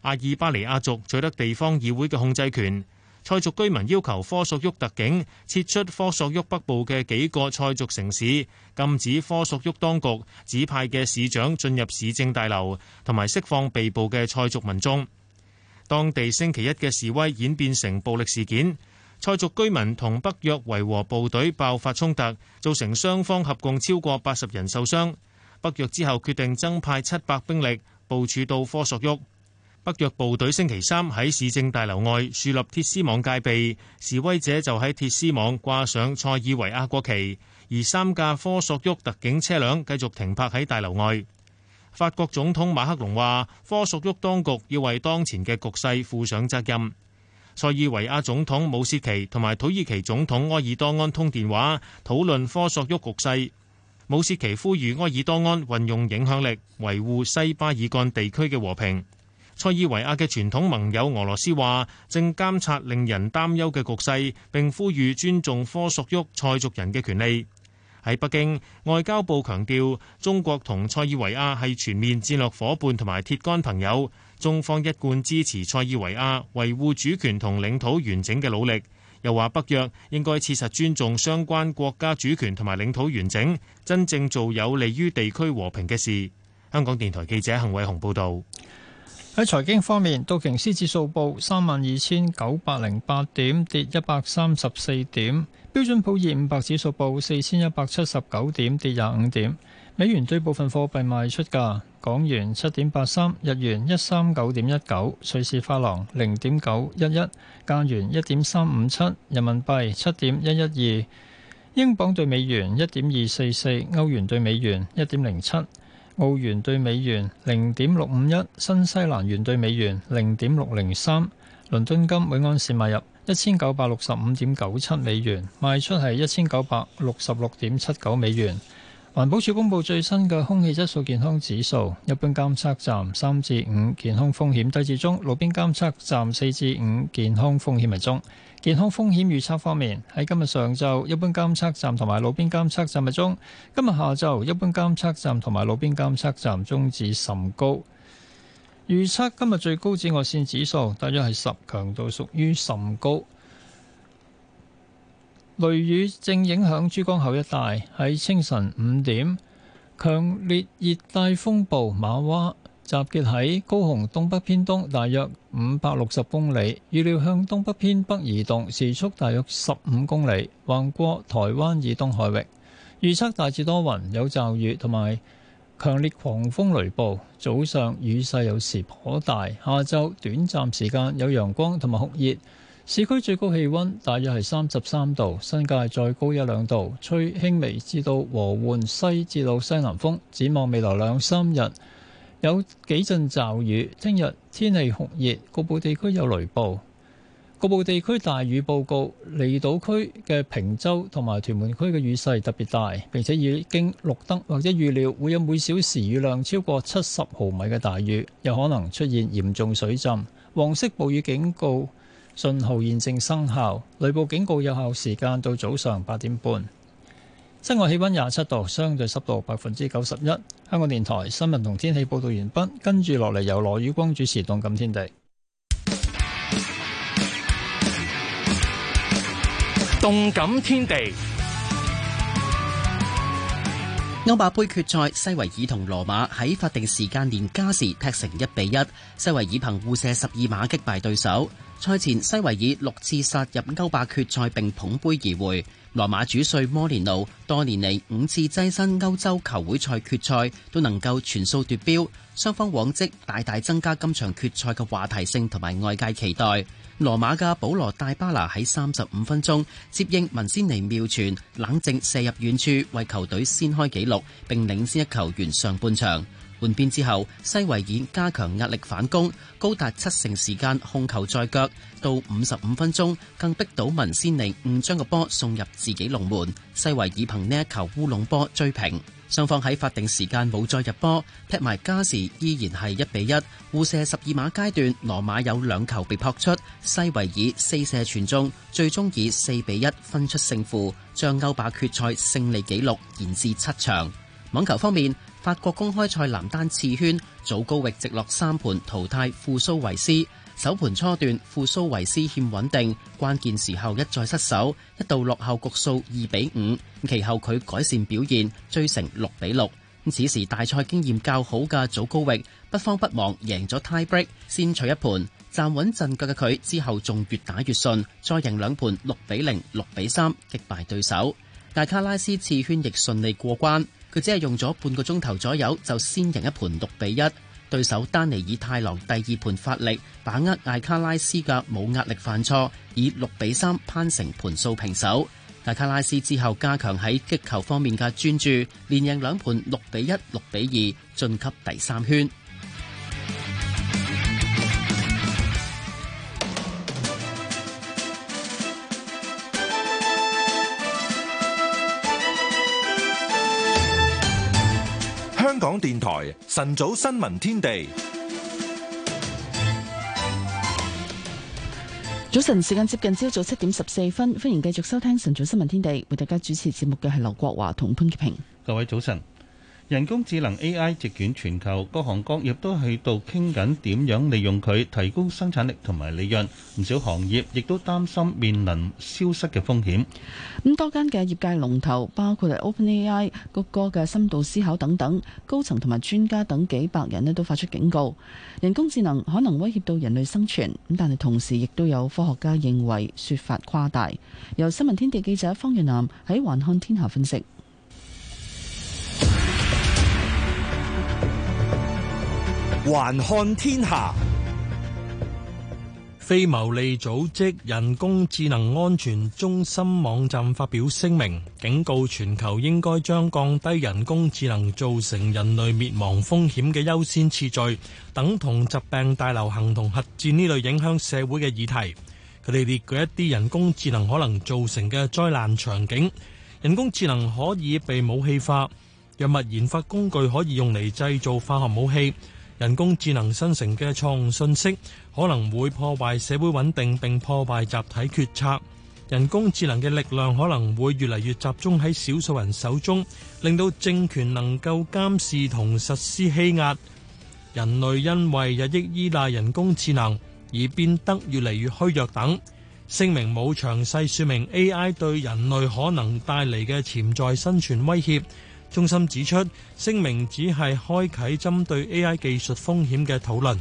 阿爾巴尼亞族取得地方議會嘅控制權。塞族居民要求科索沃特警撤出科索沃北部嘅幾個塞族城市，禁止科索沃當局指派嘅市長進入市政大樓，同埋釋放被捕嘅塞族民眾。當地星期一嘅示威演變成暴力事件。塞族居民同北約維和部隊爆發衝突，造成雙方合共超過八十人受傷。北約之後決定增派七百兵力部署到科索沃。北約部隊星期三喺市政大樓外樹立鐵絲網戒備，示威者就喺鐵絲網掛上塞爾維亞國旗，而三架科索沃特警車輛繼續停泊喺大樓外。法國總統馬克龍話：科索沃當局要為當前嘅局勢負上責任。塞爾維亞總統武士奇同埋土耳其總統埃爾多安通電話，討論科索沃局勢。武士奇呼籲埃爾多安運用影響力維護西巴爾幹地區嘅和平。塞爾維亞嘅傳統盟友俄羅斯話，正監察令人擔憂嘅局勢，並呼籲尊重科索沃塞族人嘅權利。喺北京，外交部強調中國同塞爾維亞係全面戰略伙伴同埋鐵杆朋友。中方一貫支持塞爾維亞維護主權同領土完整嘅努力，又話北約應該切實尊重相關國家主權同埋領土完整，真正做有利於地區和平嘅事。香港電台記者陳偉雄報道。喺財經方面，道瓊斯指數報三萬二千九百零八點，跌一百三十四點，標準普爾五百指數報四千一百七十九點，跌廿五點。美元兌部分貨幣賣出價：港元七點八三，日元一三九點一九，瑞士法郎零點九一一，加元一點三五七，人民幣七點一一二，英鎊對美元一點二四四，歐元對美元一點零七，澳元對美元零點六五一，新西蘭元對美元零點六零三。倫敦金每安士賣入一千九百六十五點九七美元，賣出係一千九百六十六點七九美元。環保署公布最新嘅空氣質素健康指數，一般監測站三至五，健康風險低至中；路邊監測站四至五，健康風險係中。健康風險預測方面，喺今日上晝，一般監測站同埋路邊監測站係中；今日下晝，一般監測站同埋路邊監測站中至甚高。預測今日最高紫外線指數大約係十，強度屬於甚高。雷雨正影響珠江口一帶，喺清晨五點，強烈熱帶風暴瑪娃集結喺高雄東北偏東大約五百六十公里，預料向東北偏北移動，時速大約十五公里，橫過台灣以東海域。預測大致多雲，有驟雨同埋強烈狂風雷暴，早上雨勢有時頗大，下晝短暫時間有陽光同埋酷熱。市區最高氣溫大約係三十三度，新界再高一兩度，吹輕微至到和緩西至到西南風。展望未來兩三日有幾陣驟雨，聽日天，天氣酷熱，局部地區有雷暴，局部地區大雨報告。離島區嘅坪洲同埋屯門區嘅雨勢特別大，並且已經綠燈或者預料會有每小時雨量超過七十毫米嘅大雨，有可能出現嚴重水浸。黃色暴雨警告信號現正生效，雷暴警告有效時間到早上八點半。室外氣溫廿七度，相對濕度百分之九十一。香港電台新聞同天氣報道完畢，跟住落嚟由羅宇光主持《動感天地》。動感天地歐霸杯決賽，西維爾同羅馬喺法定時間連加時踢成一比一，西維爾憑互射十二碼擊敗對手。賽前，西維爾六次殺入歐霸決賽並捧盃而回；羅馬主帥摩連奴多年嚟，五次躋身歐洲球會賽決賽都能夠全數奪標，雙方往績大大增加今場決賽嘅話題性同埋外界期待。羅馬嘅保羅戴巴拿喺三十五分鐘接應文仙尼妙傳，冷靜射入遠處為球隊先開紀錄，並領先一球完上半場。半邊之後，西維爾加強壓力反攻，高達七成時間控球在腳。到五十五分鐘，更逼到文先寧誤將個波送入自己龍門，西維爾憑呢一球烏龍波追平。雙方喺法定時間冇再入波，踢埋加時依然係一比一。互射十二碼階段，羅馬有兩球被撲出，西維爾四射全中，最終以四比一分出勝負，將歐霸決賽勝利紀錄延至七場。網球方面。法國公開賽，男單次圈祖高域直落三盤淘汰富蘇維斯。首盤初段富蘇維斯欠穩定，關鍵時候一再失手，一度落後局數二比五。其後佢改善表現，追成六比六。此時大賽經驗較好嘅祖高域不慌不忙贏咗 tie break，先取一盤。站穩陣腳嘅佢之後仲越打越順，再贏兩盤六比零、六比三擊敗對手。艾卡拉斯次圈亦順利過關。佢只係用咗半個鐘頭左右，就先贏一盤六比一。對手丹尼爾太郎第二盤發力，把握艾卡拉斯嘅冇壓力犯錯，以六比三攀成盤數平手。艾卡拉斯之後加強喺擊球方面嘅專注，連贏兩盤六比一、六比二，晉級第三圈。香港電台晨早新聞天地，早晨時間接近朝早七點十四分，歡迎繼續收聽晨早新聞天地，為大家主持節目嘅係劉國華同潘潔平。各位早晨。.人工智能 AI 席捲全球，各行各業都喺度傾緊點樣利用佢提供生產力同埋利潤。唔少行業亦都擔心面臨消失嘅風險。多間嘅業界龍頭，包括 OpenAI、谷歌嘅深度思考等等高層同埋專家等幾百人咧，都發出警告：人工智能可能威脅到人類生存。咁但係同時亦都有科學家認為說法誇大。由新聞天地記者方月南喺環看天下分析。還看天下，非牟利組織人工智能安全中心網站發表聲明，警告全球應該將降低人工智能造成人類滅亡風險嘅優先次序，等同疾病大流行同核戰呢類影響社會嘅議題。佢哋列舉一啲人工智能可能造成嘅災難場景：人工智能可以被武器化，藥物研發工具可以用嚟製造化學武器。，人工智能生成嘅錯誤信息可能會破壞社會穩定並破壞集體決策。人工智能嘅力量可能會越嚟越集中喺少數人手中，令到政權能夠監視同實施欺壓。人類因為日益依賴人工智能而變得越嚟越虛弱等。聲明冇詳細說明中心指出，聲明只係開啓針對 AI 技術風險嘅討論。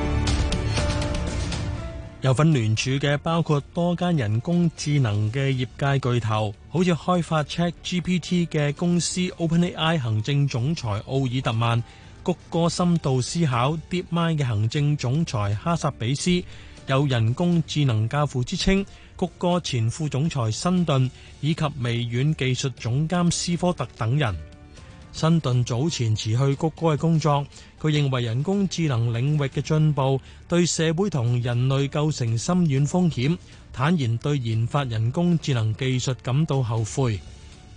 有份聯署嘅包括多間人工智能嘅業界巨頭，好似開發 ChatGPT 嘅公司 OpenAI 行政總裁奧爾特曼，谷歌深度思考 DeepMind 嘅行政總裁哈薩比斯，有人工智能教父之稱。谷歌前副總裁申頓，以及微軟技術總監斯科特等人。申頓早前辭去谷歌嘅工作，佢認為人工智能領域嘅進步對社會同人類構成深遠風險，坦言對研發人工智能技術感到後悔。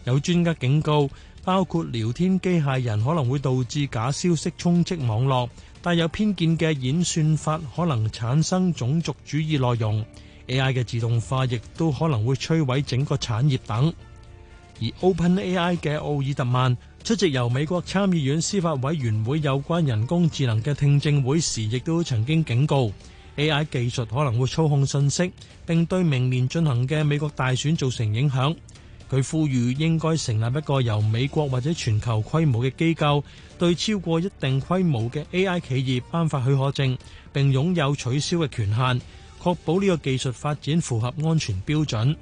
有專家警告，包括聊天機械人可能會導致假消息充斥網絡，帶有偏見嘅演算法可能產生種族主義內容，AI 嘅自動化亦都可能會摧毀整個產業等，而 OpenAI 嘅奧爾特曼出席由美國參議院司法委員會有關人工智能嘅聽證會時，亦都曾經警告 AI 技術可能會操控信息，並對明年進行嘅美國大選造成影響。佢呼籲應該成立一個由美國或者全球規模嘅機構，對超過一定規模嘅 AI 企業頒發許可證，並擁有取消嘅權限。確保呢個技術發展符合安全標準。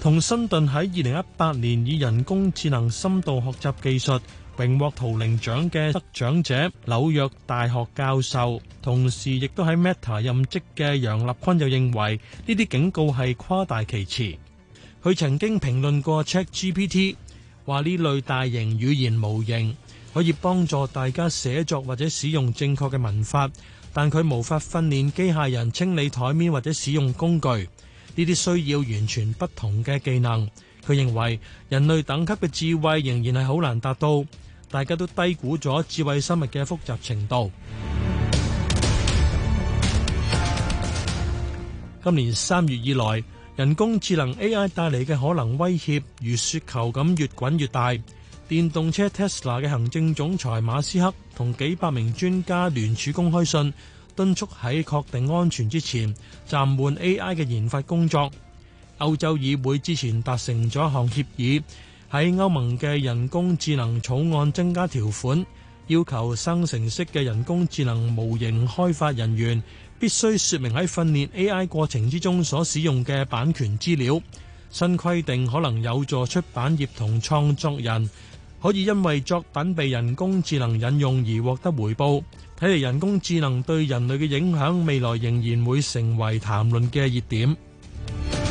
同新頓喺二零一八年以人工智能深度學習技術榮獲圖靈獎嘅得獎者、紐約大學教授，同時亦都喺 Meta 任職嘅楊立昆就認為呢啲警告係誇大其詞。佢曾經評論過 ChatGPT，話呢類大型語言模型。可以幫助大家寫作或者使用正確嘅文法，但佢無法訓練機械人清理台面或者使用工具。呢啲需要完全不同嘅技能。佢認為人類等級嘅智慧仍然係好難達到，大家都低估咗智慧生物嘅複雜程度。 今年三月以來，人工智能 AI 帶嚟嘅可能威脅如雪球咁越滾越大。電動車 Tesla 嘅行政總裁馬斯克同幾百名專家聯署公開信，敦促喺確定安全之前暫緩 AI 嘅研發工作。歐洲議會之前達成咗一項協議，喺歐盟嘅人工智能草案增加條款，要求生成式嘅人工智能模型開發人員必須說明喺訓練 AI 過程之中所使用嘅版權資料。新規定可能有助出版業同創作人，可以因為作品被人工智能引用而獲得回報，睇嚟人工智能對人類嘅影響，未來仍然會成為談論嘅熱點。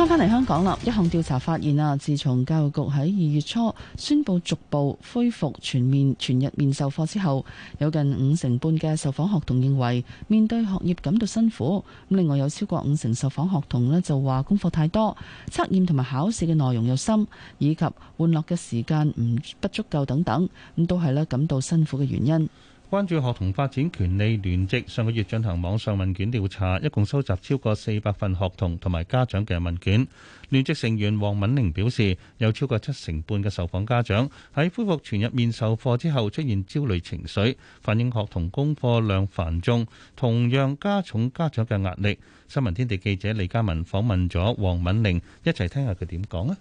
翻翻嚟香港啦！一項調查發現啊，自從教育局喺二月初宣布逐步恢復全面全日面授課之後，有近五成半嘅受訪學童認為面對學業感到辛苦。咁另外有超過五成受訪學童呢就話功課太多，測驗同埋考試嘅內容又深，以及玩樂嘅時間唔不足夠等等，咁都係呢感到辛苦嘅原因。關注學童發展權利聯席上個月進行網上問卷調查，一共收集超過四百份學童同埋家長嘅問卷。聯席成員黃敏玲表示，有超過七成半嘅受訪家長喺恢復全日面授課之後出現焦慮情緒，反映學童功課量繁重，同樣加重家長嘅壓力。新聞天地記者李嘉文訪問咗黃敏玲，一齊聽下佢點講啊！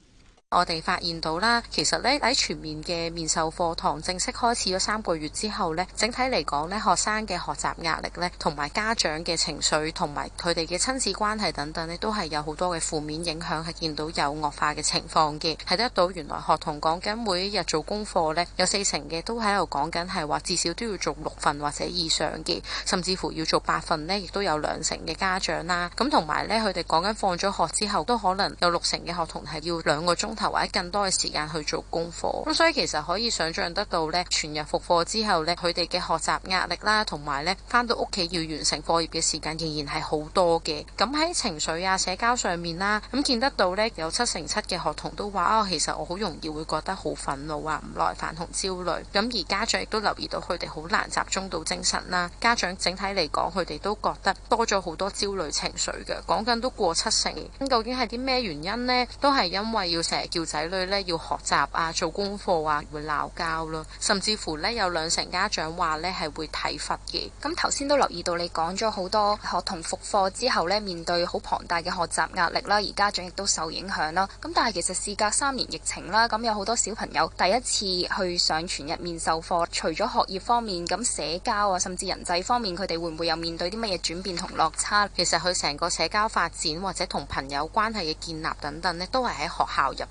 我哋發現到啦，其實呢，喺全面嘅面授課堂正式開始咗三個月之後呢，整體嚟講呢，學生嘅學習壓力呢，同埋家長嘅情緒，同埋佢哋嘅親子關係等等呢，都係有好多嘅負面影響，係見到有惡化嘅情況嘅，睇得到原來學童講緊每一日做功課呢，有四成嘅都喺度講緊，係話至少都要做六份或者以上嘅，甚至乎要做八份呢，亦都有兩成嘅家長啦。咁同埋呢，佢哋講緊放咗學之後，都可能有六成嘅學童係要兩個鐘。頭或者更多嘅時間去做功課，咁所以其實可以想像得到咧，全日復課之後咧，佢哋嘅學習壓力啦，同埋咧翻到屋企要完成課業嘅時間仍然係好多嘅。咁喺情緒啊、社交上面啦，咁見得到咧，有七成七嘅學童都話啊、哦，其實我好容易會覺得好憤怒啊、唔耐煩同焦慮。咁而家長亦都留意到佢哋好難集中到精神啦、啊。家長整體嚟講，佢哋都覺得多咗好多焦慮情緒嘅，講緊都過七成。咁究竟係啲咩原因呢？都係因為要成。叫仔女咧要學習啊、做功課啊，會鬧交咯。甚至乎咧，有兩成家長話咧係會體罰嘅。咁頭先都留意到你講咗好多學童復課之後咧，面對好龐大嘅學習壓力啦，而家長亦都受影響啦。咁但係其實事隔三年疫情啦，咁有好多小朋友第一次去上全日面授課，除咗學業方面，咁社交啊，甚至人際方面，佢哋會唔會有面對啲乜嘢轉變同落差？其實佢成個社交發展或者同朋友關係嘅建立等等呢，都係喺學校入。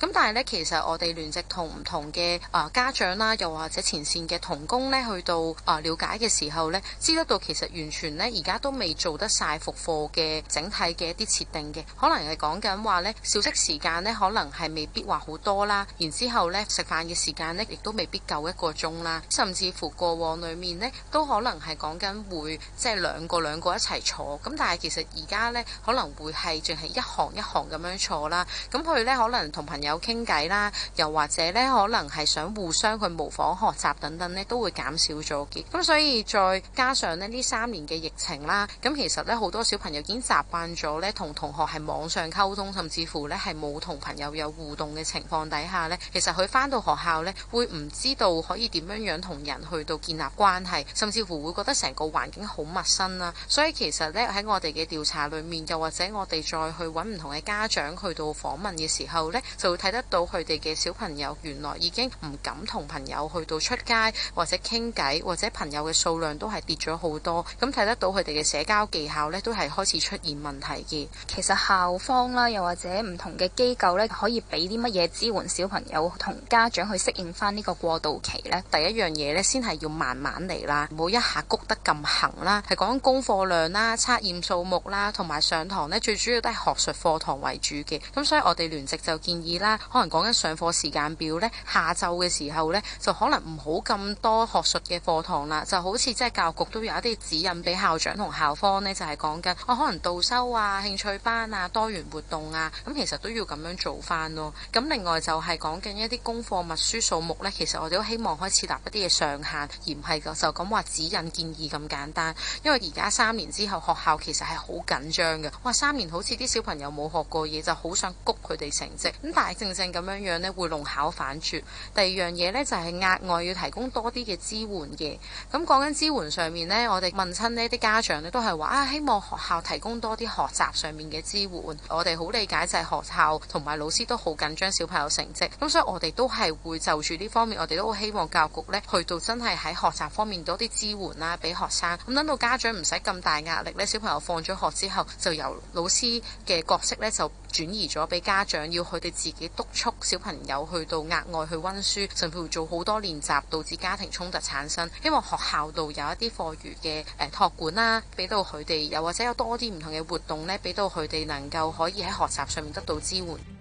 咁但係咧，其實我哋聯繫同唔同嘅啊家長啦，又或者前線嘅童工咧，去到啊了解嘅時候咧，知得到其實完全咧而家都未做得晒復課嘅整體嘅一啲設定嘅，可能係講緊話咧小息時間咧，可能係未必話好多啦。然之後咧，食飯嘅時間咧，亦都未必夠一個鐘啦。甚至乎過往裡面呢，都可能係講緊會即係兩個兩個一齊坐。咁但係其實而家咧，可能會係淨係一行一行咁樣坐啦。咁佢咧可能。同朋友傾偈啦，又或者咧，可能係想互相去模仿學習等等咧，都會減少咗嘅。咁所以再加上呢，呢三年嘅疫情啦，咁其實咧好多小朋友已經習慣咗咧同同學係網上溝通，甚至乎咧係冇同朋友有互動嘅情況底下咧，其實佢返到學校咧會唔知道可以點樣樣同人去到建立關係，甚至乎會覺得成個環境好陌生啦。所以其實咧喺我哋嘅調查裡面，又或者我哋再去揾唔同嘅家長去到訪問嘅時候咧。就會睇得到佢哋嘅小朋友原來已經唔敢同朋友去到出街，或者傾偈，或者朋友嘅數量都係跌咗好多。咁睇得到佢哋嘅社交技巧呢，都係開始出現問題嘅。其實校方啦，又或者唔同嘅機構呢，可以俾啲乜嘢支援小朋友同家長去適應翻呢個過渡期呢？第一樣嘢呢，先係要慢慢嚟啦，唔好一下谷得咁行啦。係講功課量啦、測驗數目啦，同埋上堂呢，最主要都係學術課堂為主嘅。咁所以我哋聯席就。建議啦，可能講緊上課時間表呢，下晝嘅時候呢，就可能唔好咁多學術嘅課堂啦，就好似即係教育局都有一啲指引俾校長同校方呢，就係講緊哦，可能導修啊、興趣班啊、多元活動啊，咁其實都要咁樣做翻咯。咁另外就係講緊一啲功課默書數目呢，其實我哋都希望開始立一啲嘅上限，而唔係就咁話指引建議咁簡單，因為而家三年之後學校其實係好緊張嘅。哇，三年好似啲小朋友冇學過嘢，就好想谷佢哋成績。咁但係正正咁樣樣咧，會弄巧反拙。第二樣嘢咧，就係、是、額外要提供多啲嘅支援嘅。咁講緊支援上面咧，我哋問親呢啲家長咧，都係話啊，希望學校提供多啲學習上面嘅支援。我哋好理解就係學校同埋老師都好緊張小朋友成績。咁、嗯、所以我哋都係會就住呢方面，我哋都好希望教育局咧去到真係喺學習方面多啲支援啦，俾學生。咁、嗯、等到家長唔使咁大壓力咧，小朋友放咗學之後，就由老師嘅角色咧就。轉移咗俾家長，要佢哋自己督促小朋友去到額外去温書，甚至乎做好多練習，導致家庭衝突產生。希望學校度有一啲課餘嘅誒託管啦，俾到佢哋，又或者有多啲唔同嘅活動咧，俾到佢哋能夠可以喺學習上面得到支援。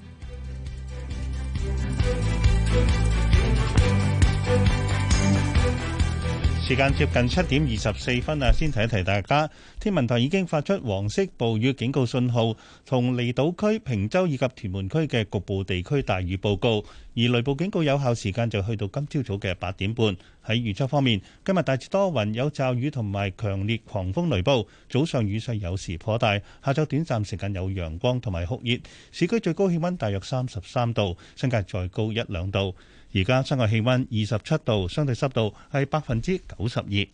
時間接近七點二十四分啊，先提一提大家。天文台已經發出黃色暴雨警告信號，同離島區、坪洲以及屯門區嘅局部地區大雨報告。而雷暴警告有效時間就去到今朝早嘅八點半。喺預測方面，今日大致多雲，有驟雨同埋強烈狂風雷暴。早上雨勢有時頗大，下晝短暫時間有陽光同埋酷熱。市區最高氣温大約三十三度，新界再高一兩度。而家室外氣溫二十七度，相對濕度係百分之九十二。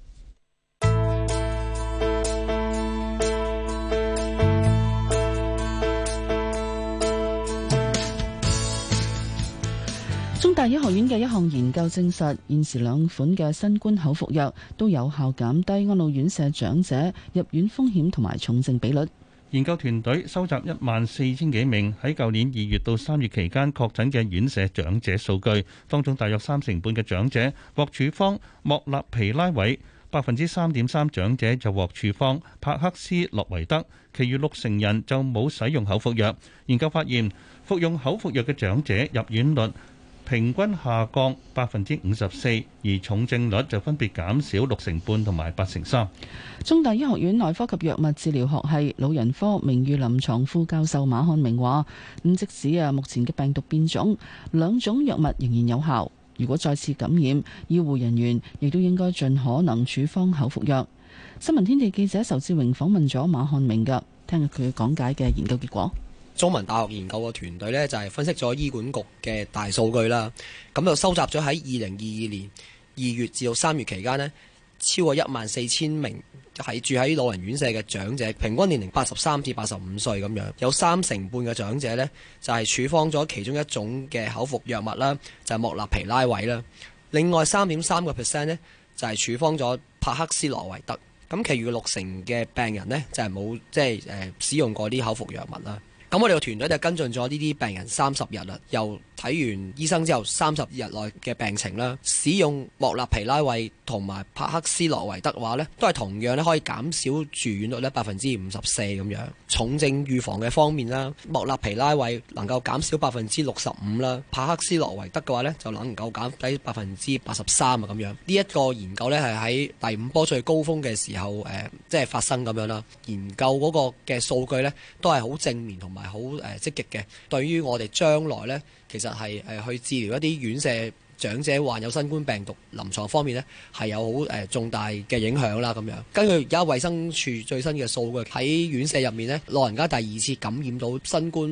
中大醫學院嘅一項研究證實，現時兩款嘅新冠口服藥都有效減低安老院舍長者入院風險同埋重症比率。研究團隊收集一萬四千幾名喺舊年二月到三月期間確診嘅院舍長者數據，當中大約三成半嘅長者獲處方莫納皮拉韋，百分之三點三長者就獲處方帕克斯洛維德，其餘六成人就冇使用口服藥。研究發現，服用口服藥嘅長者入院率平均下降百分之五十四，而重症率就分別減少六成半同埋八成三。中大醫學院內科及藥物治療學系老人科名譽臨牀副教授馬漢明話，咁即使啊目前嘅病毒變種，兩種藥物仍然有效。如果再次感染，醫護人員亦都應該盡可能處方口服藥。新聞天地記者仇志榮訪問咗馬漢明嘅，聽下佢講解嘅研究結果。中文大學研究個團隊呢，就係、是、分析咗醫管局嘅大數據啦。咁就收集咗喺二零二二年二月至到三月期間呢，超過一萬四千名係住喺老人院舍嘅長者，平均年齡八十三至八十五歲咁樣。有三成半嘅長者呢，就係、是、處方咗其中一種嘅口服藥物啦，就係、是、莫納皮拉韋啦。另外三點三個 percent 呢，就係、是、處方咗帕克斯羅維特。咁，其餘六成嘅病人呢，就係冇即係誒使用過啲口服藥物啦。咁我哋個團隊就跟進咗呢啲病人三十日啦，由睇完醫生之後三十日內嘅病情啦，使用莫納皮拉韋同埋帕克斯洛維德嘅話呢，都係同樣咧，可以減少住院率呢百分之五十四咁樣。重症預防嘅方面啦，莫納皮拉韋能夠減少百分之六十五啦，帕克斯洛維德嘅話呢，就能夠減低百分之八十三啊咁樣。呢、這、一個研究呢，係喺第五波最高峰嘅時候誒、呃，即係發生咁樣啦。研究嗰個嘅數據呢，都係好正面同埋。好誒積極嘅，對於我哋將來呢，其實係誒去治療一啲遠射。長者患有新冠病毒，臨床方面咧係有好誒、呃、重大嘅影響啦咁樣。根據而家衛生署最新嘅數據，喺院舍入面咧，老人家第二次感染到新冠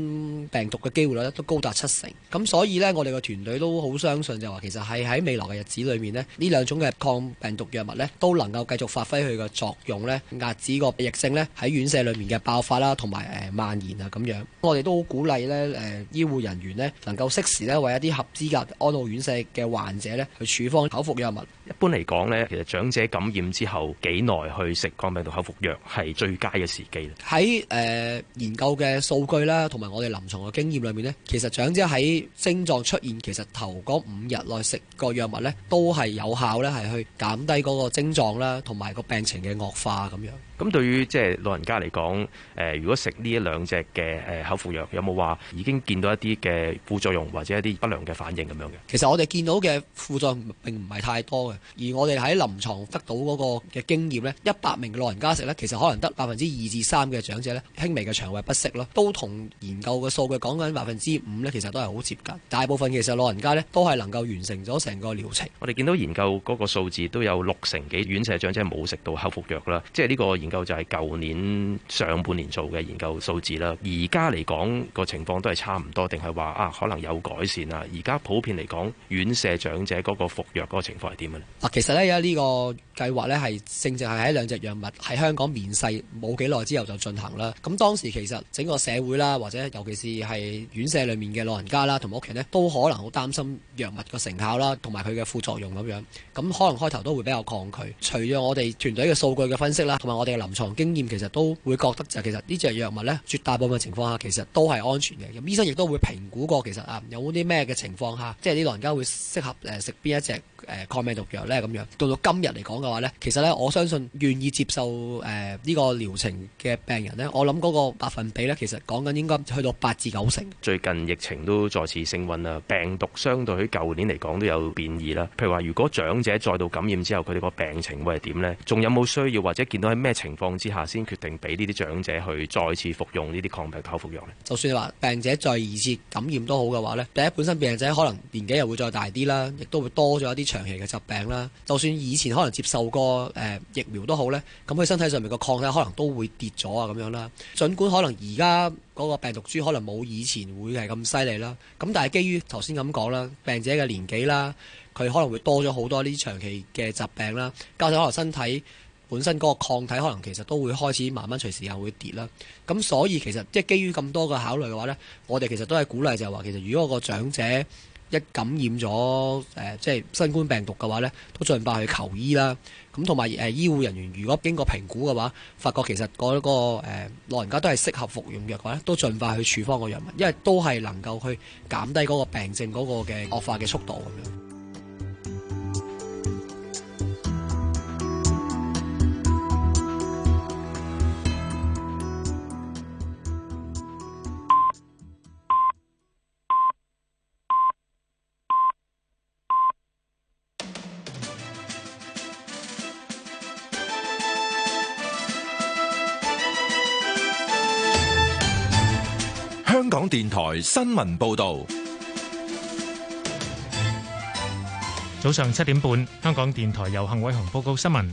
病毒嘅機會率都高達七成。咁所以呢，我哋嘅團隊都好相信就話，其實係喺未來嘅日子裏面呢，呢兩種嘅抗病毒藥物呢，都能夠繼續發揮佢嘅作用呢壓止個疫性呢，喺院舍裏面嘅爆發啦、啊，同埋誒蔓延啊咁樣。我哋都好鼓勵呢誒、呃、醫護人員呢，能夠適時呢，為一啲合資格安老院舍嘅嘅患者咧，去處方口服藥物。一般嚟講咧，其實長者感染之後幾耐去食抗病毒口服藥係最佳嘅時機咧。喺誒、呃、研究嘅數據啦，同埋我哋臨床嘅經驗裏面呢，其實長者喺症狀出現，其實頭嗰五日內食個藥物呢都係有效呢，係去減低嗰個症狀啦，同埋個病情嘅惡化咁樣。咁對於即係老人家嚟講，誒、呃、如果食呢一兩隻嘅誒口服藥，有冇話已經見到一啲嘅副作用或者一啲不良嘅反應咁樣嘅？其實我哋見到嘅副作用並唔係太多嘅。而我哋喺臨床得到嗰個嘅經驗咧，一百名老人家食呢，其實可能得百分之二至三嘅長者咧，輕微嘅腸胃不適咯，都同研究嘅數據講緊百分之五呢，其實都係好接近。大部分其實老人家呢，都係能夠完成咗成個療程。我哋見到研究嗰個數字都有六成幾院舍長者冇食到口服藥啦，即係呢個研究就係舊年上半年做嘅研究數字啦。而家嚟講個情況都係差唔多，定係話啊可能有改善啊？而家普遍嚟講，院舍長者嗰個服藥嗰個情況係點樣？嗱，其實呢，而家呢個計劃呢，係正正係喺兩隻藥物喺香港面世冇幾耐之後就進行啦。咁當時其實整個社會啦，或者尤其是係院舍裡面嘅老人家啦，同屋企人呢，都可能好擔心藥物個成效啦，同埋佢嘅副作用咁樣。咁可能開頭都會比較抗拒。隨著我哋團隊嘅數據嘅分析啦，同埋我哋嘅臨床經驗，其實都會覺得就其實呢隻藥物呢，絕大部分情況下其實都係安全嘅。咁醫生亦都會評估過其實啊，有啲咩嘅情況下，即係啲老人家會適合誒食邊一隻抗病毒咁樣，到到今日嚟講嘅話呢，其實呢，我相信願意接受誒呢個療程嘅病人呢，我諗嗰個百分比呢，其實講緊應該去到八至九成。最近疫情都再次升溫啊，病毒相對喺舊年嚟講都有變異啦。譬如話，如果長者再度感染之後，佢哋個病情會係點呢？仲有冇需要或者見到喺咩情況之下先決定俾呢啲長者去再次服用呢啲抗病毒口服藥呢？就算話病者再二次感染都好嘅話呢，第一本身病者可能年紀又會再大啲啦，亦都會多咗一啲長期嘅疾病。啦，就算以前可能接受過誒、呃、疫苗都好呢，咁佢身體上面個抗體可能都會跌咗啊，咁樣啦。盡管可能而家嗰個病毒株可能冇以前會係咁犀利啦，咁但係基於頭先咁講啦，病者嘅年紀啦，佢可能會多咗好多呢啲長期嘅疾病啦，加上可能身體本身嗰個抗體可能其實都會開始慢慢隨時間會跌啦。咁所以其實即係基於咁多嘅考慮嘅話呢，我哋其實都係鼓勵就係話，其實如果個長者。一感染咗誒、呃，即係新冠病毒嘅話咧，都盡快去求醫啦。咁同埋誒，醫護人員如果經過評估嘅話，發覺其實嗰一個誒老人家都係適合服用藥嘅咧，都盡快去處方個藥物，因為都係能夠去減低嗰個病症嗰個嘅惡化嘅速度。港電台新聞報道，早上七點半，香港電台由幸偉雄報告新聞。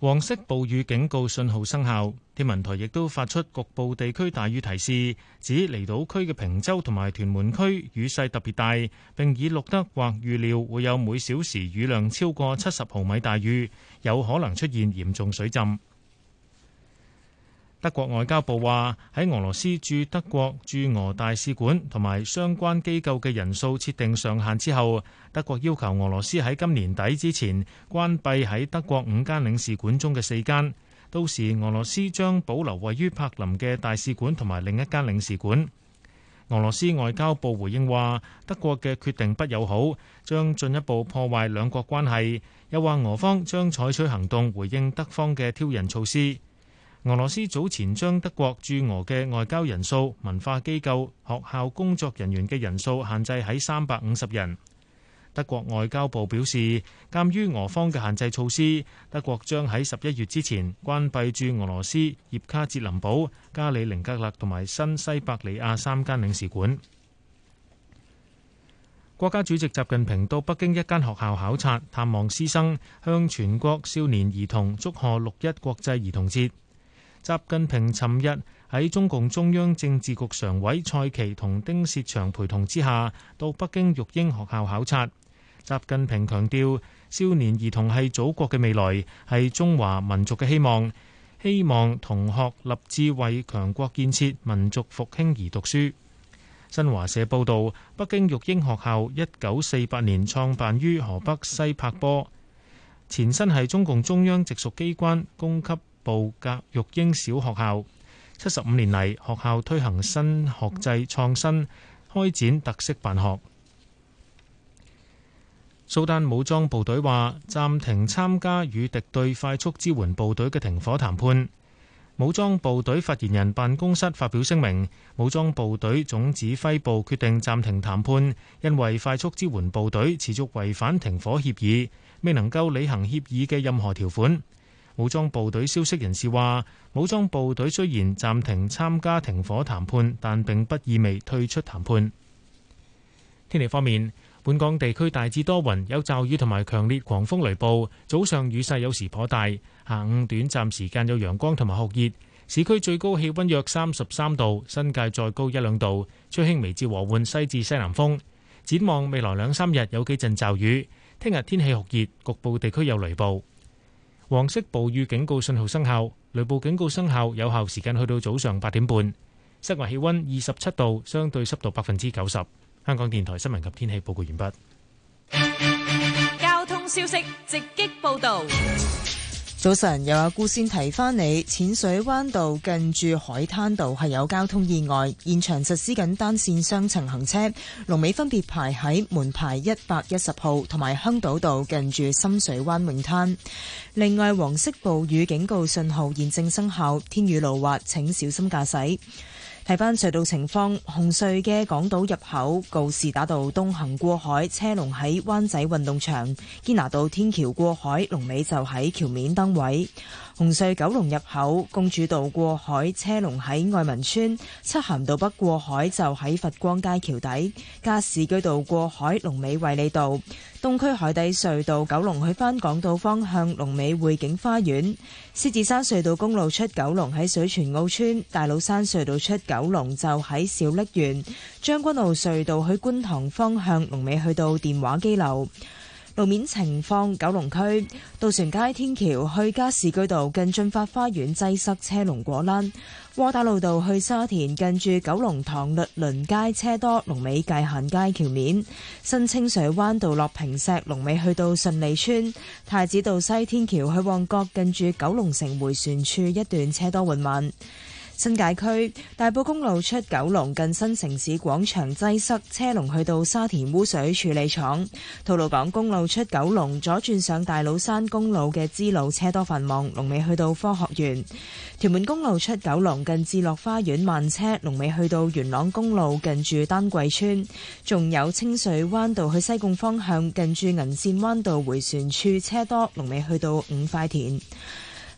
黃色暴雨警告信號生效，天文台亦都發出局部地區大雨提示，指離島區嘅坪洲同埋屯門區雨勢特別大，並已錄得或預料會有每小時雨量超過七十毫米大雨，有可能出現嚴重水浸。德國外交部話喺俄羅斯駐德國駐俄大使館同埋相關機構嘅人數設定上限之後，德國要求俄羅斯喺今年底之前關閉喺德國五間領事館中嘅四間，到時俄羅斯將保留位於柏林嘅大使館同埋另一間領事館。俄羅斯外交部回應話，德國嘅決定不友好，將進一步破壞兩國關係，又話俄方將採取行動回應德方嘅挑釁措施。俄羅斯早前將德國駐俄嘅外交人數、文化機構、學校工作人員嘅人數限制喺三百五十人。德國外交部表示，鑑於俄方嘅限制措施，德國將喺十一月之前關閉駐俄羅斯葉卡捷琳堡、加里寧格勒同埋新西伯利亞三間領事館。國家主席習近平到北京一間學校考察、探望師生，向全國少年兒童祝賀六一國際兒童節。習近平尋日喺中共中央政治局常委蔡奇同丁薛祥陪同之下，到北京育英學校考察。習近平強調，少年兒童係祖國嘅未來，係中華民族嘅希望，希望同學立志為強國建設、民族復興而讀書。新華社報道，北京育英學校一九四八年創辦於河北西柏坡，前身係中共中央直屬機關供給。部格育英小學校七十五年嚟，學校推行新學制創新，創新開展特色辦學。蘇丹武裝部隊話：暫停參加與敵對快速支援部隊嘅停火談判。武裝部隊發言人辦公室發表聲明：武裝部隊總指揮部決定暫停談判，因為快速支援部隊持續違反停火協議，未能夠履行協議嘅任何條款。武裝部隊消息人士話，武裝部隊雖然暫停參加停火談判，但並不意味退出談判。天氣方面，本港地區大致多雲，有驟雨同埋強烈狂風雷暴，早上雨勢有時頗大，下午短暫時間有陽光同埋酷熱。市區最高氣温約三十三度，新界再高一兩度，吹輕微至和緩，西至西南風。展望未來兩三日有幾陣驟雨，聽日天氣酷熱，局部地區有雷暴。黃色暴雨警告信號生效，雷暴警告生效，有效時間去到早上八點半。室外氣溫二十七度，相對濕度百分之九十。香港電台新聞及天氣報告完畢。交通消息直擊報道。早晨，有阿姑先提翻你，淺水灣道近住海灘道係有交通意外，現場實施緊單線雙層行車，龍尾分別排喺門牌一百一十號同埋香島道近住深水灣泳灘。另外，黃色暴雨警告信號現正生效，天雨路滑，請小心駕駛。睇翻隧道情況，紅隧嘅港島入口，告士打道東行過海車龍喺灣仔運動場，堅拿道天橋過海龍尾就喺橋面燈位。紅隧九龍入口公主道過海車龍喺愛民村，漆咸道北過海就喺佛光街橋底，加士居道過海龍尾衛理道，東區海底隧道九龍去返港島方向龍尾匯景花園，獅子山隧道公路出九龍喺水泉澳村，大老山隧道出九龍就喺小瀝源，將軍澳隧道去觀塘方向龍尾去到電話機樓。路面情況：九龍區渡船街天橋去加士居道近進發花園擠塞車龍果欄；窩打老道去沙田近住九龍塘律倫街車多，龍尾界限街橋面；新清水灣道落坪石龍尾去到順利村，太子道西天橋去旺角近住九龍城迴旋處一段車多緩慢。新界區大埔公路出九龍近新城市廣場擠塞，車龍去到沙田污水處理廠。吐露港公路出九龍左轉上大老山公路嘅支路，車多繁忙，龍尾去到科學園。屯門公路出九龍近置樂花園慢車，龍尾去到元朗公路近住丹桂村。仲有清水灣道去西貢方向，近住銀線灣道回旋處車多，龍尾去到五塊田。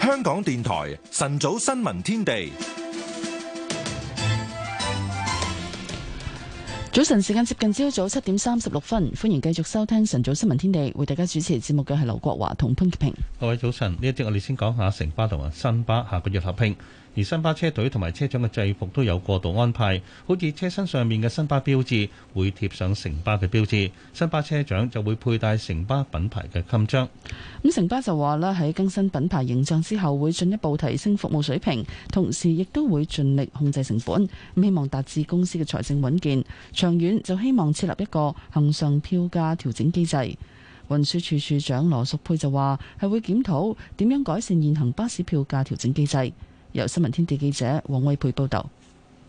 香港電台晨早新聞天地，早晨時間接近朝早七點三十六分，歡迎繼續收聽晨早新聞天地，為大家主持節目嘅係劉國華同潘潔平。各位早晨，呢一節我哋先講下城巴同埋新巴下個月合併。而新巴車隊同埋車長嘅制服都有過度安排，好似車身上面嘅新巴標誌會貼上城巴嘅標誌，新巴車長就會佩戴城巴品牌嘅襟章。咁城巴就話咧喺更新品牌形象之後，會進一步提升服務水平，同時亦都會盡力控制成本。咁希望達至公司嘅財政穩健，長遠就希望設立一個恆常票價調整機制。運輸署署長羅淑佩就話係會檢討點樣改善現行巴士票價調整機制。由新聞天地記者黃偉培報道，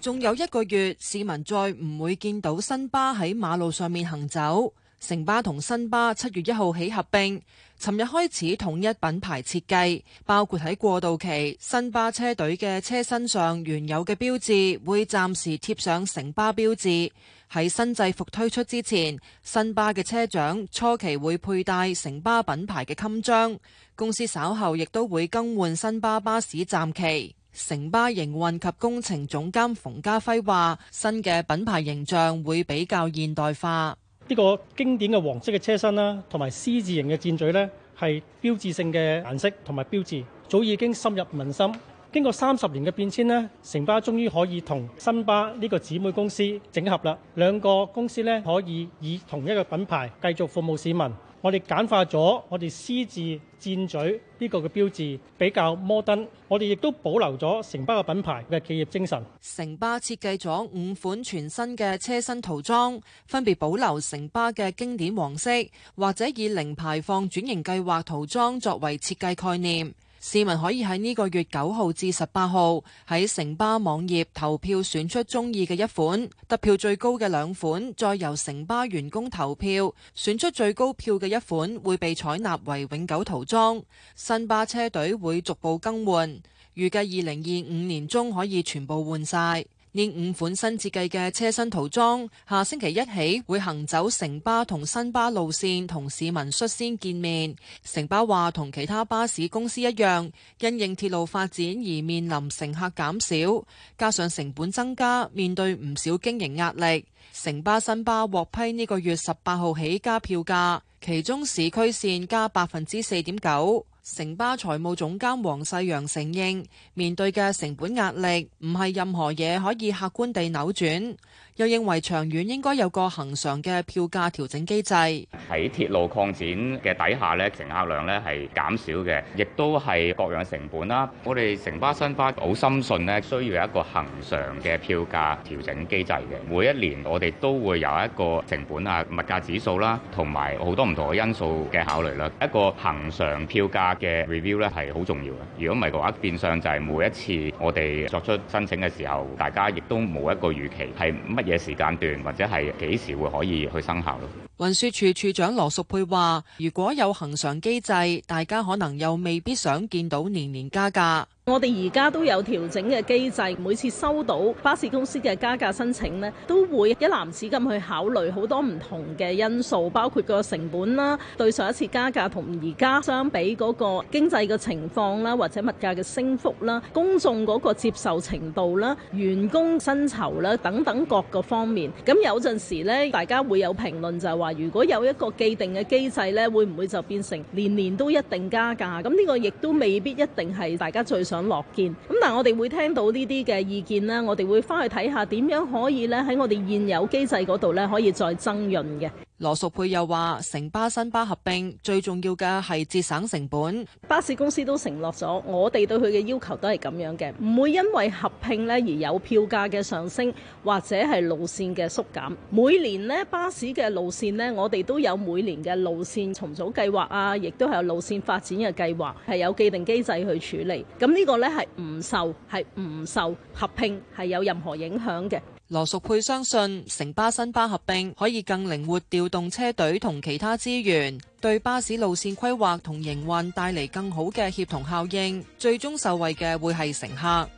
仲有一個月，市民再唔會見到新巴喺馬路上面行走。城巴同新巴七月一號起合併，尋日開始統一品牌設計，包括喺過渡期，新巴車隊嘅車身上原有嘅標誌會暫時貼上城巴標誌。喺新制服推出之前，新巴嘅車長初期會佩戴城巴品牌嘅襟章。公司稍後亦都會更換新巴巴士站旗。城巴營運及工程總監馮家輝話，新嘅品牌形象會比較現代化。呢個經典嘅黃色嘅車身啦，同埋 C 字形嘅箭嘴呢，係標誌性嘅顏色同埋標誌，早已經深入民心。經過三十年嘅變遷呢，城巴終於可以同新巴呢個姊妹公司整合啦，兩個公司呢，可以以同一個品牌繼續服務市民。我哋簡化咗我哋 C 字箭嘴，呢個嘅標誌比較摩登，我哋亦都保留咗城巴嘅品牌嘅企業精神。城巴設計咗五款全新嘅車身塗裝，分別保留城巴嘅經典黃色，或者以零排放轉型計劃塗裝作為設計概念。市民可以喺呢個月九號至十八號喺城巴網頁投票選出中意嘅一款，得票最高嘅兩款，再由城巴員工投票選出最高票嘅一款，會被採納為永久塗裝。新巴車隊會逐步更換，預計二零二五年中可以全部換晒。呢五款新設計嘅車身塗裝，下星期一起會行走城巴同新巴路線，同市民率先見面。城巴話，同其他巴士公司一樣，因應鐵路發展而面臨乘客減少，加上成本增加，面對唔少經營壓力。城巴新巴獲批呢個月十八號起加票價，其中市區線加百分之四點九。城巴財務總監黃世陽承認，面對嘅成本壓力唔係任何嘢可以客觀地扭轉。又認為長遠應該有個恒常嘅票價調整機制。喺鐵路擴展嘅底下咧，乘客量咧係減少嘅，亦都係各樣成本啦。我哋城巴新巴好深信咧，需要一個恒常嘅票價調整機制嘅。每一年我哋都會有一個成本啊、物價指數啦，同埋好多唔同嘅因素嘅考慮啦。一個恒常票價嘅 review 咧係好重要嘅。如果唔係嘅話，變相就係每一次我哋作出申請嘅時候，大家亦都冇一個預期係乜，嘅時間段或者係幾時會可以去生效咯。運輸署署長羅淑佩話，如果有恒常機制，大家可能又未必想見到年年加價。我哋而家都有調整嘅機制，每次收到巴士公司嘅加價申請咧，都會一籃子咁去考慮好多唔同嘅因素，包括個成本啦，對上一次加價同而家相比嗰個經濟嘅情況啦，或者物價嘅升幅啦，公眾嗰個接受程度啦，員工薪酬啦等等各個方面。咁有陣時咧，大家會有評論就係話，如果有一個既定嘅機制咧，會唔會就變成年年都一定加價？咁呢個亦都未必一定係大家最想。落建咁，但係我哋會聽到呢啲嘅意見咧，我哋會翻去睇下點樣可以咧，喺我哋現有機制嗰度咧可以再增潤嘅。羅淑佩又話：城巴新巴合併最重要嘅係節省成本。巴士公司都承諾咗，我哋對佢嘅要求都係咁樣嘅，唔會因為合併呢而有票價嘅上升或者係路線嘅縮減。每年呢巴士嘅路線呢，我哋都有每年嘅路線重組計劃啊，亦都係有路線發展嘅計劃，係有既定機制去處理。咁呢個呢係唔受，係唔受合併係有任何影響嘅。羅淑佩相信，城巴新巴合併可以更靈活調動車隊同其他資源，對巴士路線規劃同營運帶嚟更好嘅協同效應，最終受惠嘅會係乘客。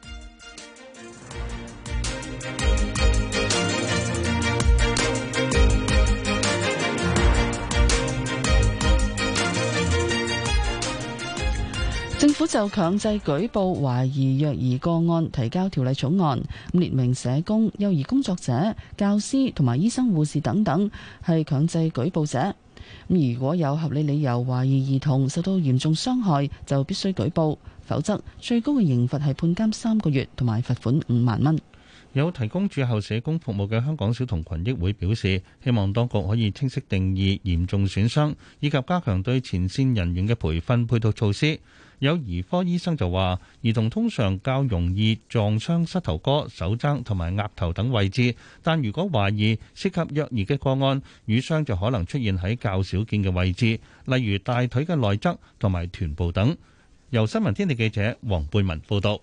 府就強制舉報懷疑虐兒個案提交條例草案，列明社工、幼兒工作者、教師同埋醫生、護士等等係強制舉報者。如果有合理理由懷疑兒童受到嚴重傷害，就必須舉報，否則最高嘅刑罰係判監三個月同埋罰款五萬蚊。有提供住後社工服務嘅香港小童群益會表示，希望當局可以清晰定義嚴重損傷，以及加強對前線人員嘅培訓配套措施。有兒科醫生就話：兒童通常較容易撞傷膝頭哥、手踭同埋額頭等位置，但如果懷疑涉及虐兒嘅個案，瘀傷就可能出現喺較少見嘅位置，例如大腿嘅內側同埋臀部等。由新聞天地記者黃貝文報道。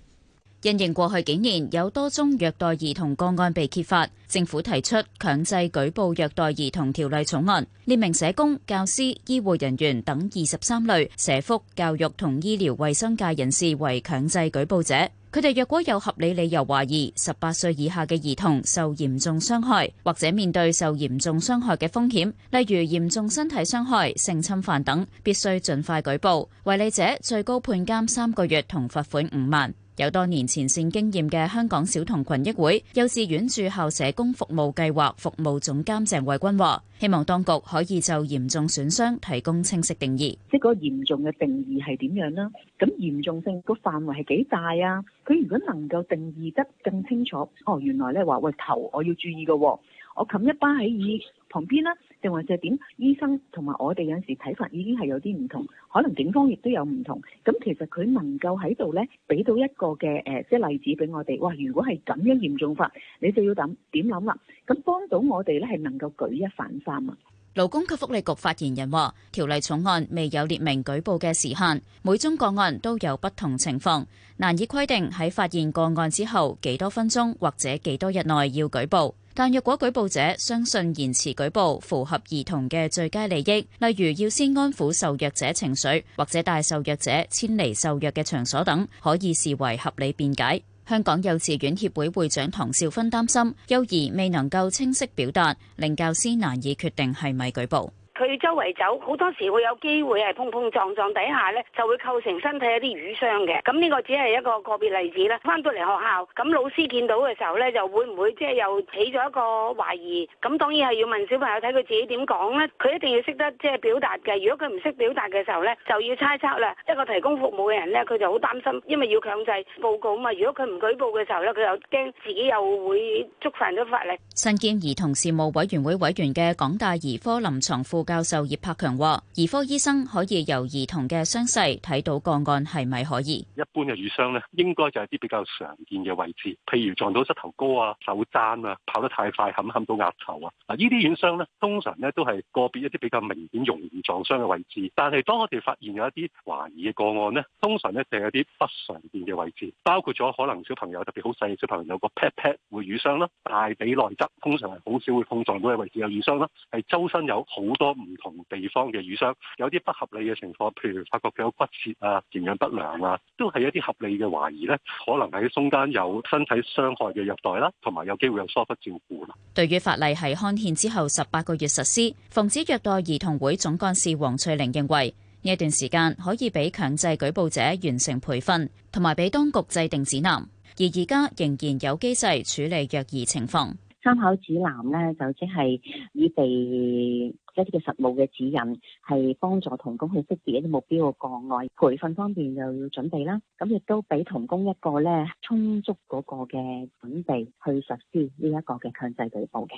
因應過去幾年有多宗虐待兒童個案被揭發，政府提出強制舉報虐待兒童條例草案，列明 社工、教師、醫護人員等二十三類社福、教育同醫療衛生界人士為強制舉報者。佢哋若果有合理理由懷疑十八歲以下嘅兒童受嚴重傷害，或者面對受嚴重傷害嘅風險，例如嚴重身體傷害、性侵犯等，必須盡快舉報。違例者最高判監三個月同罰款五萬。有多年前線經驗嘅香港小童群益會幼稚園駐校社工服務計劃服務總監鄭偉君話，希望當局可以就嚴重損傷提供清晰定義，即係嗰個嚴重嘅定義係點樣呢？咁嚴重性個範圍係幾大啊？佢如果能夠定義得更清楚，哦，原來咧話喂頭，我要注意嘅、哦，我冚一巴喺耳旁邊啦。定或者點？醫生同埋我哋有陣時睇法已經係有啲唔同，可能警方亦都有唔同。咁其實佢能夠喺度呢俾到一個嘅誒，即、呃、例子俾我哋。哇！如果係咁樣嚴重法，你就要諗點諗啦。咁幫到我哋呢係能夠舉一反三啊。勞工及福利局發言人話：條例草案未有列明舉報嘅時限，每宗個案都有不同情況，難以規定喺發現個案之後幾多分鐘或者幾多日內要舉報。但若果舉報者相信延遲舉報符合兒童嘅最佳利益，例如要先安撫受虐者情緒，或者帶受虐者遷離受虐嘅場所等，可以視為合理辯解。香港幼稚園協會會長唐少芬擔心，幼兒未能夠清晰表達，令教師難以決定係咪舉報。佢周圍走，好多時會有機會係碰碰撞撞底下呢，就會構成身體一啲瘀傷嘅。咁呢個只係一個個別例子啦。返到嚟學校，咁老師見到嘅時候呢，就會唔會即係又起咗一個懷疑？咁當然係要問小朋友睇佢自己點講呢。佢一定要識得即係表達嘅。如果佢唔識表達嘅時候呢，就要猜測啦。一個提供服務嘅人呢，佢就好擔心，因為要強制報告啊嘛。如果佢唔舉報嘅時候呢，佢又驚自己又會觸犯咗法例。身兼兒童事務委員會委員嘅港大兒科臨床副教授葉柏強話：兒科醫生可以由兒童嘅傷勢睇到個案係咪可疑。一般嘅瘀傷咧，應該就係啲比較常見嘅位置，譬如撞到膝頭哥啊、手踭啊、跑得太快冚冚到額頭啊。嗱，呢啲瘀傷咧，通常咧都係個別一啲比較明顯容易撞傷嘅位置。但係當我哋發現有一啲懷疑嘅個案咧，通常咧就係一啲不常見嘅位置，包括咗可能小朋友特別好細嘅小朋友有個 pat pat 會瘀傷啦，大髀內側通常係好少會碰撞到嘅位置有瘀傷啦，係周身有好多唔同地方嘅瘀傷有啲不合理嘅情況，譬如發覺佢有骨折啊、營養不良啊，都係一啲合理嘅懷疑咧，可能喺中間有身體傷害嘅虐待啦，同埋有機會有疏忽照顧啦。對於法例係刊憲之後十八個月實施，防止虐待兒童會總幹事黃翠玲認為呢一段時間可以俾強制舉報者完成培訓，同埋俾當局制定指南。而而家仍然有機制處理虐兒情況參考指南咧，就即係以備一啲嘅實務嘅指引，係幫助同工去識別一啲目標嘅個案。培訓方面就要準備啦，咁亦都俾同工一個咧充足嗰個嘅準備去實施呢一個嘅強制舉報嘅。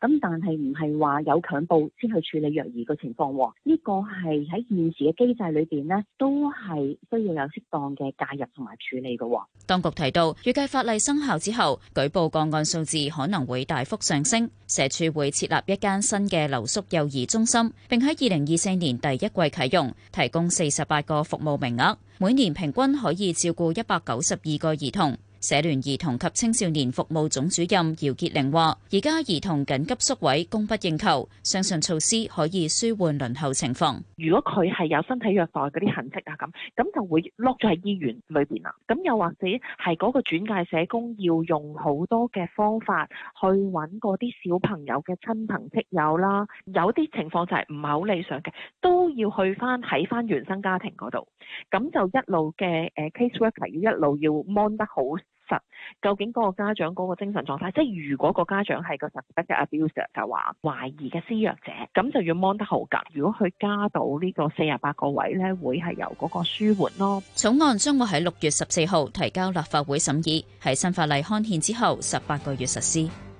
咁但係唔係話有強暴先去處理弱兒嘅情況喎？呢個係喺現時嘅機制裏邊呢，都係需要有適當嘅介入同埋處理嘅。當局提到預計法例生效之後，舉報個案，案數字可能會大幅上升，社署會設立一間新嘅留宿幼兒。中心，並喺二零二四年第一季啟用，提供四十八個服務名額，每年平均可以照顧一百九十二個兒童。社聯兒童及青少年服務總主任姚潔玲話，而家兒童緊急宿位供不應求，相信措施可以舒緩輪候情況。如果佢係有身體虐待嗰啲痕迹啊，咁咁就會 lock 咗喺醫院裏邊啦。咁又或者係嗰個轉介社工要用好多嘅方法去搵嗰啲小朋友嘅親朋戚友啦。有啲情況就係唔係好理想嘅，都要去翻喺翻原生家庭嗰度。咁就一路嘅誒 case worker 要一路要 mon 得好。實究竟嗰個家長嗰個精神狀態，即係如果個家長係個 suspected abuser，就話懷疑嘅施虐者，咁就要 mon 得好噶。如果佢加到呢個四十八個位咧，會係由嗰個舒緩咯。草案將會喺六月十四號提交立法會審議，喺新法例刊憲之後十八個月實施。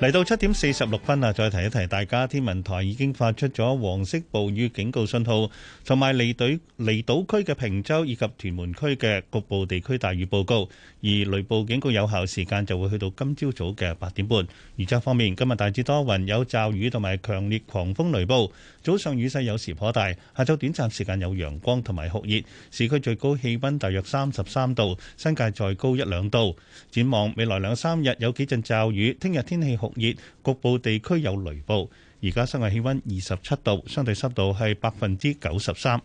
嚟到七點四十六分啊，再提一提大家，天文台已經發出咗黃色暴雨警告信號，同埋離島離島區嘅坪洲以及屯門區嘅局部地區大雨報告，而雷暴警告有效時間就會去到今朝早嘅八點半。預測方面，今日大致多雲，有驟雨同埋強烈狂風雷暴，早上雨勢有時頗大，下晝短暫時間有陽光同埋酷熱，市區最高氣温大約三十三度，新界再高一兩度。展望未來兩三日有幾陣驟雨，聽日天氣好熱，局部地區有雷暴。而家室外氣温二十七度，相對濕度係百分之九十三。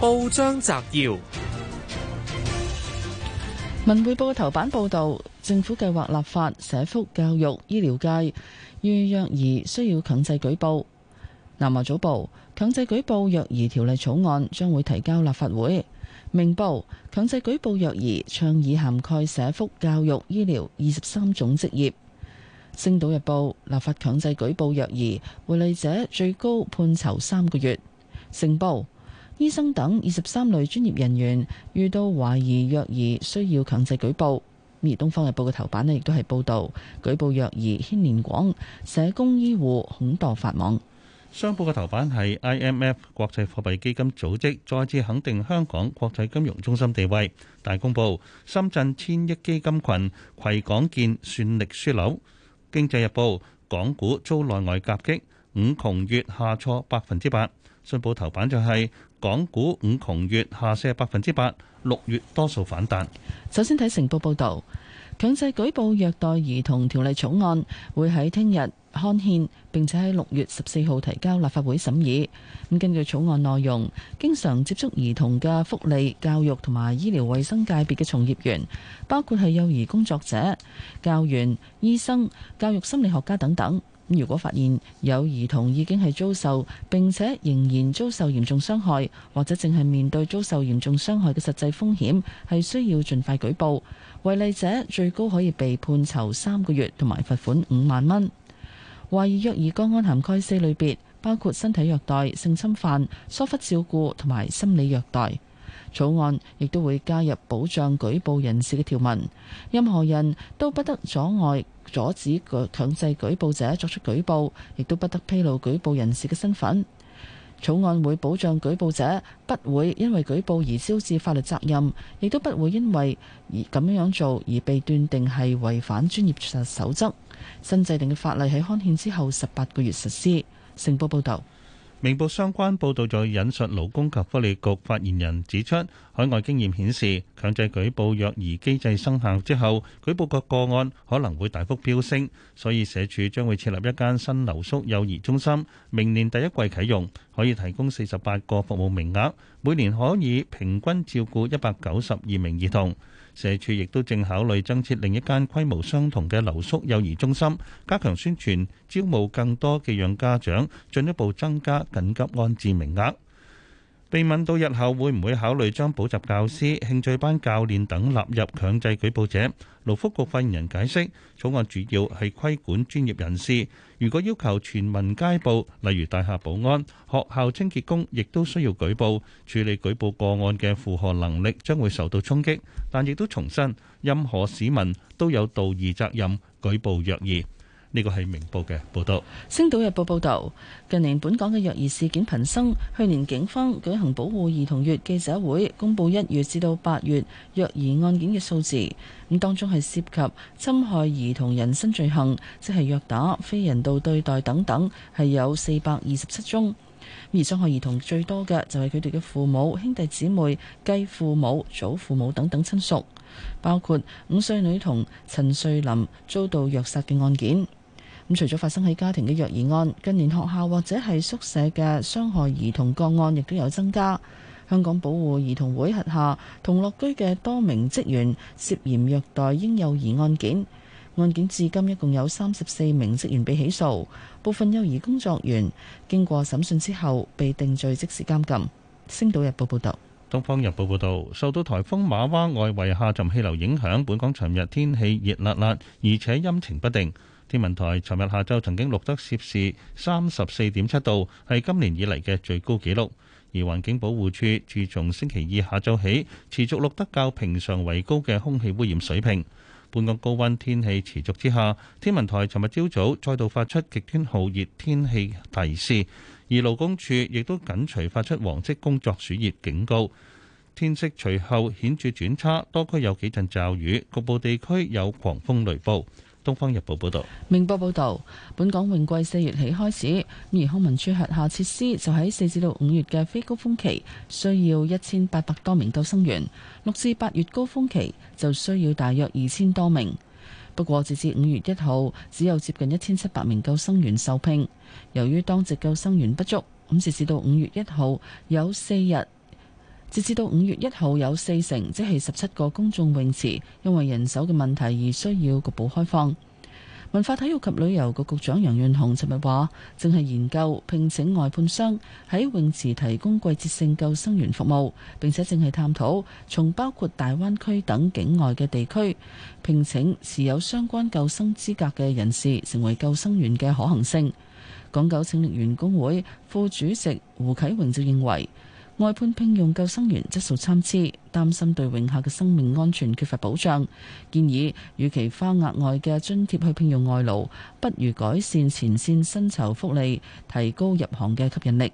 報章摘要：《文匯報》頭版報道，政府計劃立法，社福、教育、醫療界遇虐兒需要強制舉報。南華早報：強制舉報虐兒條例草案將會提交立法會。明報，強制舉報虐兒倡議涵蓋社福、教育、醫療二十三種職業。星島日報，立法強制舉報虐兒，違例者最高判囚三個月。成報，醫生等二十三類專業人員遇到懷疑虐兒，需要強制舉報。而《東方日報》嘅頭版咧，亦都係報導舉報虐兒牽連廣，社工、醫護恐墮法網。商報嘅頭版係 IMF 國際貨幣基金組織再次肯定香港國際金融中心地位。大公報深圳千億基金群携港建算力樞紐。經濟日報港股遭內外夾擊，五窮月下挫百分之八。信報頭版就係港股五窮月下瀉百分之八，六月多數反彈。首先睇成報報道。強制舉報虐待兒童條例草案會喺聽日刊憲，並且喺六月十四號提交立法會審議。咁根據草案內容，經常接觸兒童嘅福利、教育同埋醫療衛生界別嘅從業員，包括係幼兒工作者、教員、醫生、教育心理學家等等。如果發現有兒童已經係遭受，並且仍然遭受嚴重傷害，或者正係面對遭受嚴重傷害嘅實際風險，係需要盡快舉報。違例者最高可以被判囚三個月同埋罰款五萬蚊。懷疑虐兒個案涵蓋四類別，包括身體虐待、性侵犯、疏忽照顧同埋心理虐待。草案亦都會加入保障舉報人士嘅條文，任何人都不得阻礙、阻止強制舉報者作出舉報，亦都不得披露舉報人士嘅身份。草案會保障舉報者不會因為舉報而招致法律責任，亦都不會因為而咁樣做而被斷定係違反專業守則。新制定嘅法例喺刊憲之後十八個月實施。成報報道。明報相關報導在引述勞工及福利局發言人指出，海外經驗顯示強制舉報虐兒機制生效之後，舉報個個案可能會大幅飆升，所以社署將會設立一間新留宿幼兒中心，明年第一季啟用，可以提供四十八個服務名額，每年可以平均照顧一百九十二名兒童。社署亦都正考慮增設另一間規模相同嘅留宿幼兒中心，加強宣傳，招募更多寄養家長，進一步增加緊急安置名額。被問到日後會唔會考慮將補習教師、興趣班教練等納入強制舉報者，勞福局發言人解釋草案主要係規管專業人士。如果要求全民皆報，例如大廈保安、學校清潔工，亦都需要舉報。處理舉報個案嘅負荷能力將會受到衝擊。但亦都重申，任何市民都有道義責任，舉報虐兒。呢個係明報嘅報導。星島日報報導，近年本港嘅虐兒事件頻生。去年警方舉行保護兒童月記者會，公布一月至到八月虐兒案件嘅數字。咁當中係涉及侵害兒童人身罪行，即係虐打、非人道對待等等，係有四百二十七宗。而傷害兒童最多嘅就係佢哋嘅父母、兄弟姊妹、繼父母、祖父母等等親屬，包括五歲女童陳瑞琳遭到虐殺嘅案件。咁除咗發生喺家庭嘅虐兒案，近年學校或者係宿舍嘅傷害兒童個案亦都有增加。香港保護兒童會轄下同樂居嘅多名職員涉嫌虐待嬰幼兒案件。案件至今一共有三十四名職員被起訴，部分幼兒工作員經過審訊之後被定罪，即時監禁。星島日報報道，東方日報報道，受到颱風馬娃外圍下沉氣流影響，本港尋日天氣熱辣辣，而且陰晴不定。天文台尋日下晝曾經錄得攝氏三十四點七度，係今年以嚟嘅最高紀錄。而環境保護處自從星期二下晝起，持續錄得較平常為高嘅空氣污染水平。半個高温天氣持續之下，天文台尋日朝早再度發出極端酷熱天氣提示，而勞工處亦都緊隨發出黃色工作暑熱警告。天色隨後顯著轉差，多區有幾陣驟雨，局部地區有狂風雷暴。《東方日報》報道：《明報》報道，本港泳季四月起開始，而康文署轄下設施就喺四至到五月嘅非高峰期需要一千八百多名救生員，六至八月高峰期就需要大約二千多名。不過截至五月一號，只有接近一千七百名救生員受聘。由於當值救生員不足，咁截至到五月一號有四日。截至到五月一號，有四成，即係十七個公眾泳池，因為人手嘅問題而需要局部開放。文化體育及旅遊局局長楊潤雄尋日話，正係研究聘請外判商喺泳池提供季節性救生員服務，並且正係探討從包括大灣區等境外嘅地區聘請持有相關救生資格嘅人士成為救生員嘅可行性。港九清潔員工會副主席胡啟榮就認為。外判聘用救生員質素參差，擔心對泳客嘅生命安全缺乏保障，建議與其花額外嘅津貼去聘用外勞，不如改善前線薪酬福利，提高入行嘅吸引力。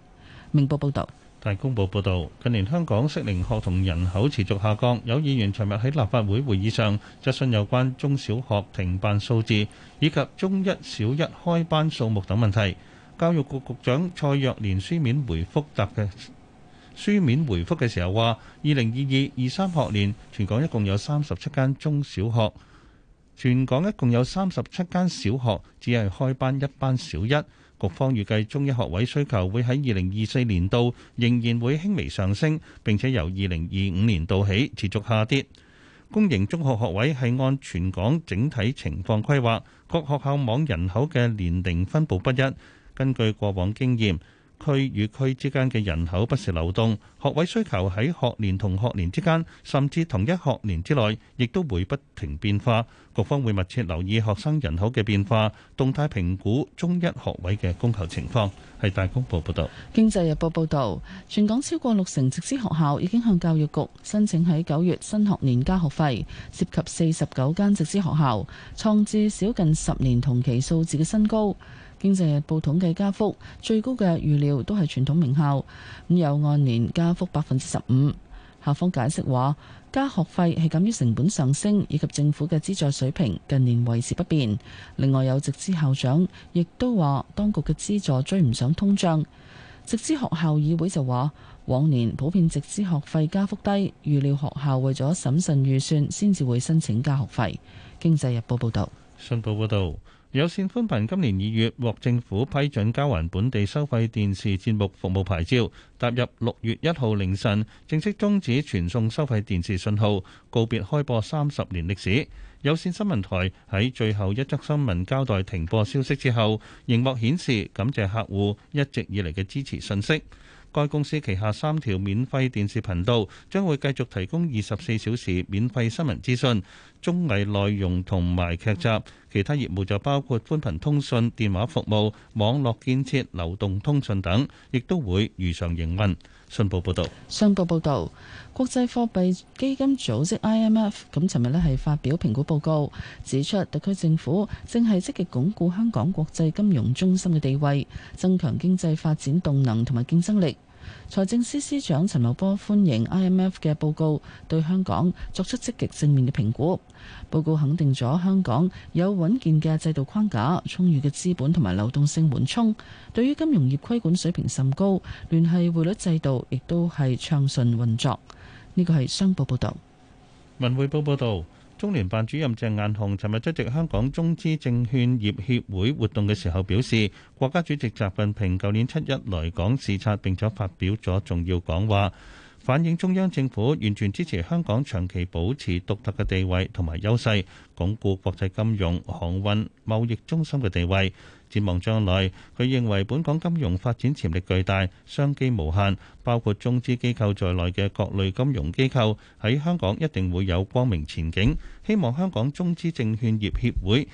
明報報道：《大公報》報道，近年香港適齡學童人口持續下降，有議員尋日喺立法會會議上質詢有關中小學停辦數字以及中一小一開班數目等問題。教育局局長蔡若蓮書面回覆特。嘅。書面回覆嘅時候話，二零二二二三學年，全港一共有三十七間中小學，全港一共有三十七間小學只係開班一班小一。局方預計中一學位需求會喺二零二四年度仍然會輕微上升，並且由二零二五年度起持續下跌。公營中學學位係按全港整體情況規劃，各學校網人口嘅年齡分布不一，根據過往經驗，區與區之間嘅人口不時流動，學位需求喺學年同學年之間，甚至同一學年之內，亦都會不停變化。局方會密切留意學生人口嘅變化，動態評估中一學位嘅供求情況。係大公報報道。經濟日報報道，全港超過六成直資學校已經向教育局申請喺九月新學年加學費，涉及四十九間直資學校，創至少近十年同期數字嘅新高。經濟日報統計，加幅最高嘅預料都係傳統名校，咁有按年加幅百分之十五。校方解釋話，加學費係由於成本上升以及政府嘅資助水平近年維持不變。另外有直資校長亦都話，當局嘅資助追唔上通脹。直資學校議會就話，往年普遍直資學費加幅低，預料學校為咗審慎預算先至會申請加學費。經濟日報報道。信報報導。.有線寬頻今年二月獲政府批准交還本地收費電視節目服務牌照，踏入六月一號凌晨正式終止傳送收費電視信號，告別開播三十年歷史。有線新聞台喺最後一則新聞交代停播消息之後，熒幕顯示感謝客戶一直以嚟嘅支持信息。該公司旗下三條免費電視頻道將會繼續提供二十四小時免費新聞資訊。綜藝內容同埋劇集，其他業務就包括寬頻通訊、電話服務、網絡建設、流動通訊等，亦都會如常營運。信報報道：信報報導，國際貨幣基金組織 IMF 咁，尋日咧係發表評估報告，指出特區政府正係積極鞏固香港國際金融中心嘅地位，增強經濟發展動能同埋競爭力。財政司司長陳茂波歡迎 IMF 嘅報告，對香港作出積極正面嘅評估。報告肯定咗香港有穩健嘅制度框架、充裕嘅資本同埋流動性緩衝，對於金融業規管水平甚高，聯繫匯率制度亦都係暢順運作。呢個係商報報道，文匯報報道。中聯辦主任鄭雁雄尋日出席香港中資證券業協會活動嘅時候表示，國家主席習近平舊年七一來港視察並且發表咗重要講話，反映中央政府完全支持香港長期保持獨特嘅地位同埋優勢，鞏固國際金融、航運、貿易中心嘅地位。展望將來，佢認為本港金融發展潛力巨大，商機無限，包括中資機構在內嘅各類金融機構喺香港一定會有光明前景。希望香港中資證券業協會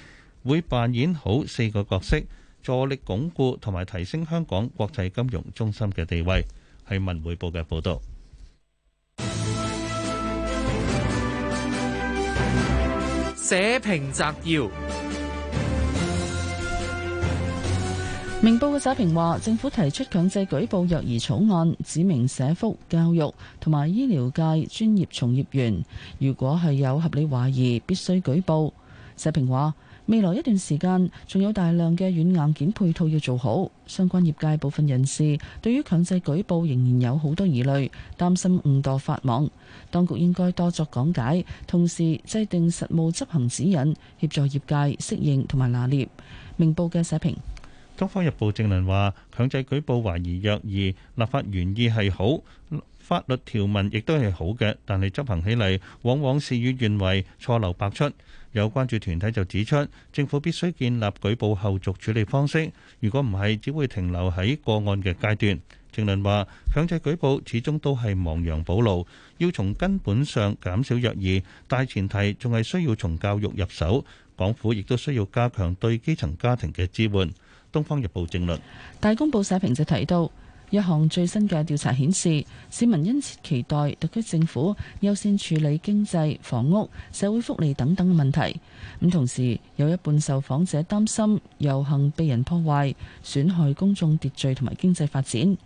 會扮演好四個角色，助力鞏固同埋提升香港國際金融中心嘅地位。係文匯報嘅報道，社評摘要。明報嘅社評話，政府提出強制舉報虐兒草案，指明社福、教育同埋醫療界專業從業員，如果係有合理懷疑，必須舉報。社評話，未來一段時間仲有大量嘅軟硬件配套要做好。相關業界部分人士對於強制舉報仍然有好多疑慮，擔心誤墮法網。當局應該多作講解，同時制定實務執行指引，協助業界適應同埋拿捏。明報嘅社評。《東方日報》評論話，強制舉報懷疑虐兒立法原意係好，法律條文亦都係好嘅，但係執行起嚟往往事與願違，錯漏百出。有關注團體就指出，政府必須建立舉報後續處理方式，如果唔係，只會停留喺個案嘅階段。評論話，強制舉報始終都係亡羊補牢，要從根本上減少虐兒，大前提仲係需要從教育入手，港府亦都需要加強對基層家庭嘅支援。《東方日報》正論，大公報社評就提到，一項最新嘅調查顯示，市民因此期待特區政府優先處理經濟、房屋、社會福利等等嘅問題。咁同時有一半受訪者擔心遊行被人破壞，損害公眾秩序同埋經濟發展。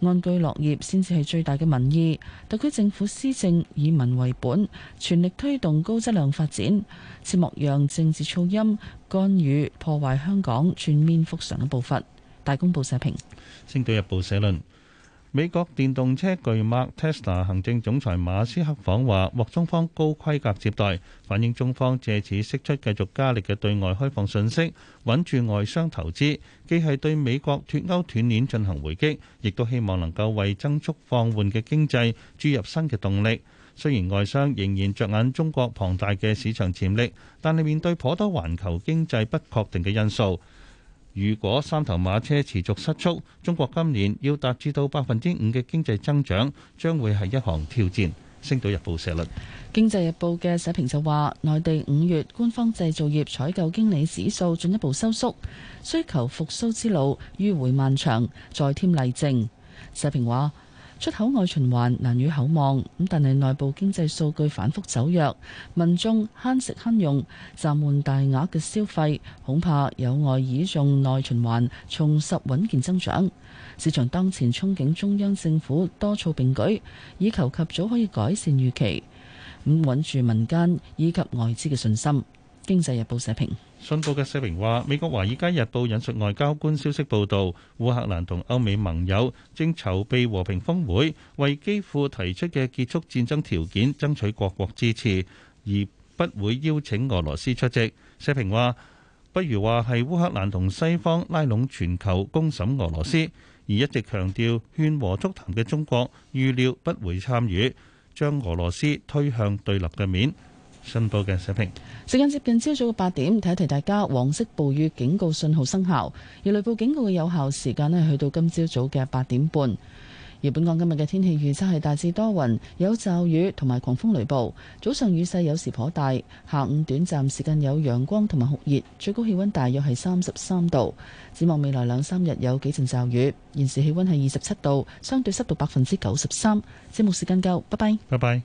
安居樂業先至係最大嘅民意，特區政府施政以民為本，全力推動高質量發展，切莫讓政治噪音干預破壞香港全面復常嘅步伐。大公報社評，《星島日報》社論。美國電動車巨擘 Tesla 行政總裁馬斯克訪華，獲中方高規格接待，反映中方借此釋出繼續加力嘅對外開放信息，穩住外商投資，既係對美國脱歐斷鏈進行回擊，亦都希望能夠為增速放緩嘅經濟注入新嘅動力。雖然外商仍然着眼中國龐大嘅市場潛力，但係面對頗多環球經濟不確定嘅因素。如果三頭馬車持續失速，中國今年要達至到百分之五嘅經濟增長，將會係一項挑戰。星島日報社論，《經濟日報》嘅社評就話：內地五月官方製造業採購經理指數進一步收縮，需求復甦之路迂迴漫長。再添例證，社評話。出口外循環難以厚望，咁但係內部經濟數據反覆走弱，民眾慳食慳用，暫緩大額嘅消費，恐怕有礙倚重內循環，重拾穩健增長。市場當前憧憬中央政府多措並舉，以求及早可以改善預期，咁穩住民間以及外資嘅信心。經濟日報社評。信報嘅社評話：美國華爾街日報引述外交官消息報導，烏克蘭同歐美盟友正籌備和平峯會，為基輔提出嘅結束戰爭條件爭取各國支持，而不會邀請俄羅斯出席。社評話：不如話係烏克蘭同西方拉攏全球公審俄羅斯，而一直強調勸和促談嘅中國預料不會參與，將俄羅斯推向對立嘅面。新報嘅水平時間，接近朝早嘅八點，提一提大家黃色暴雨警告信號生效，而雷暴警告嘅有效時間咧，去到今朝早嘅八點半。而本港今日嘅天氣預測係大致多雲，有驟雨同埋狂風雷暴，早上雨勢有時頗大，下午短暫時間有陽光同埋酷熱，最高氣温大約係三十三度。展望未來兩三日有幾陣驟雨，現時氣温係二十七度，相對濕度百分之九十三。節目時間夠，拜拜，拜拜。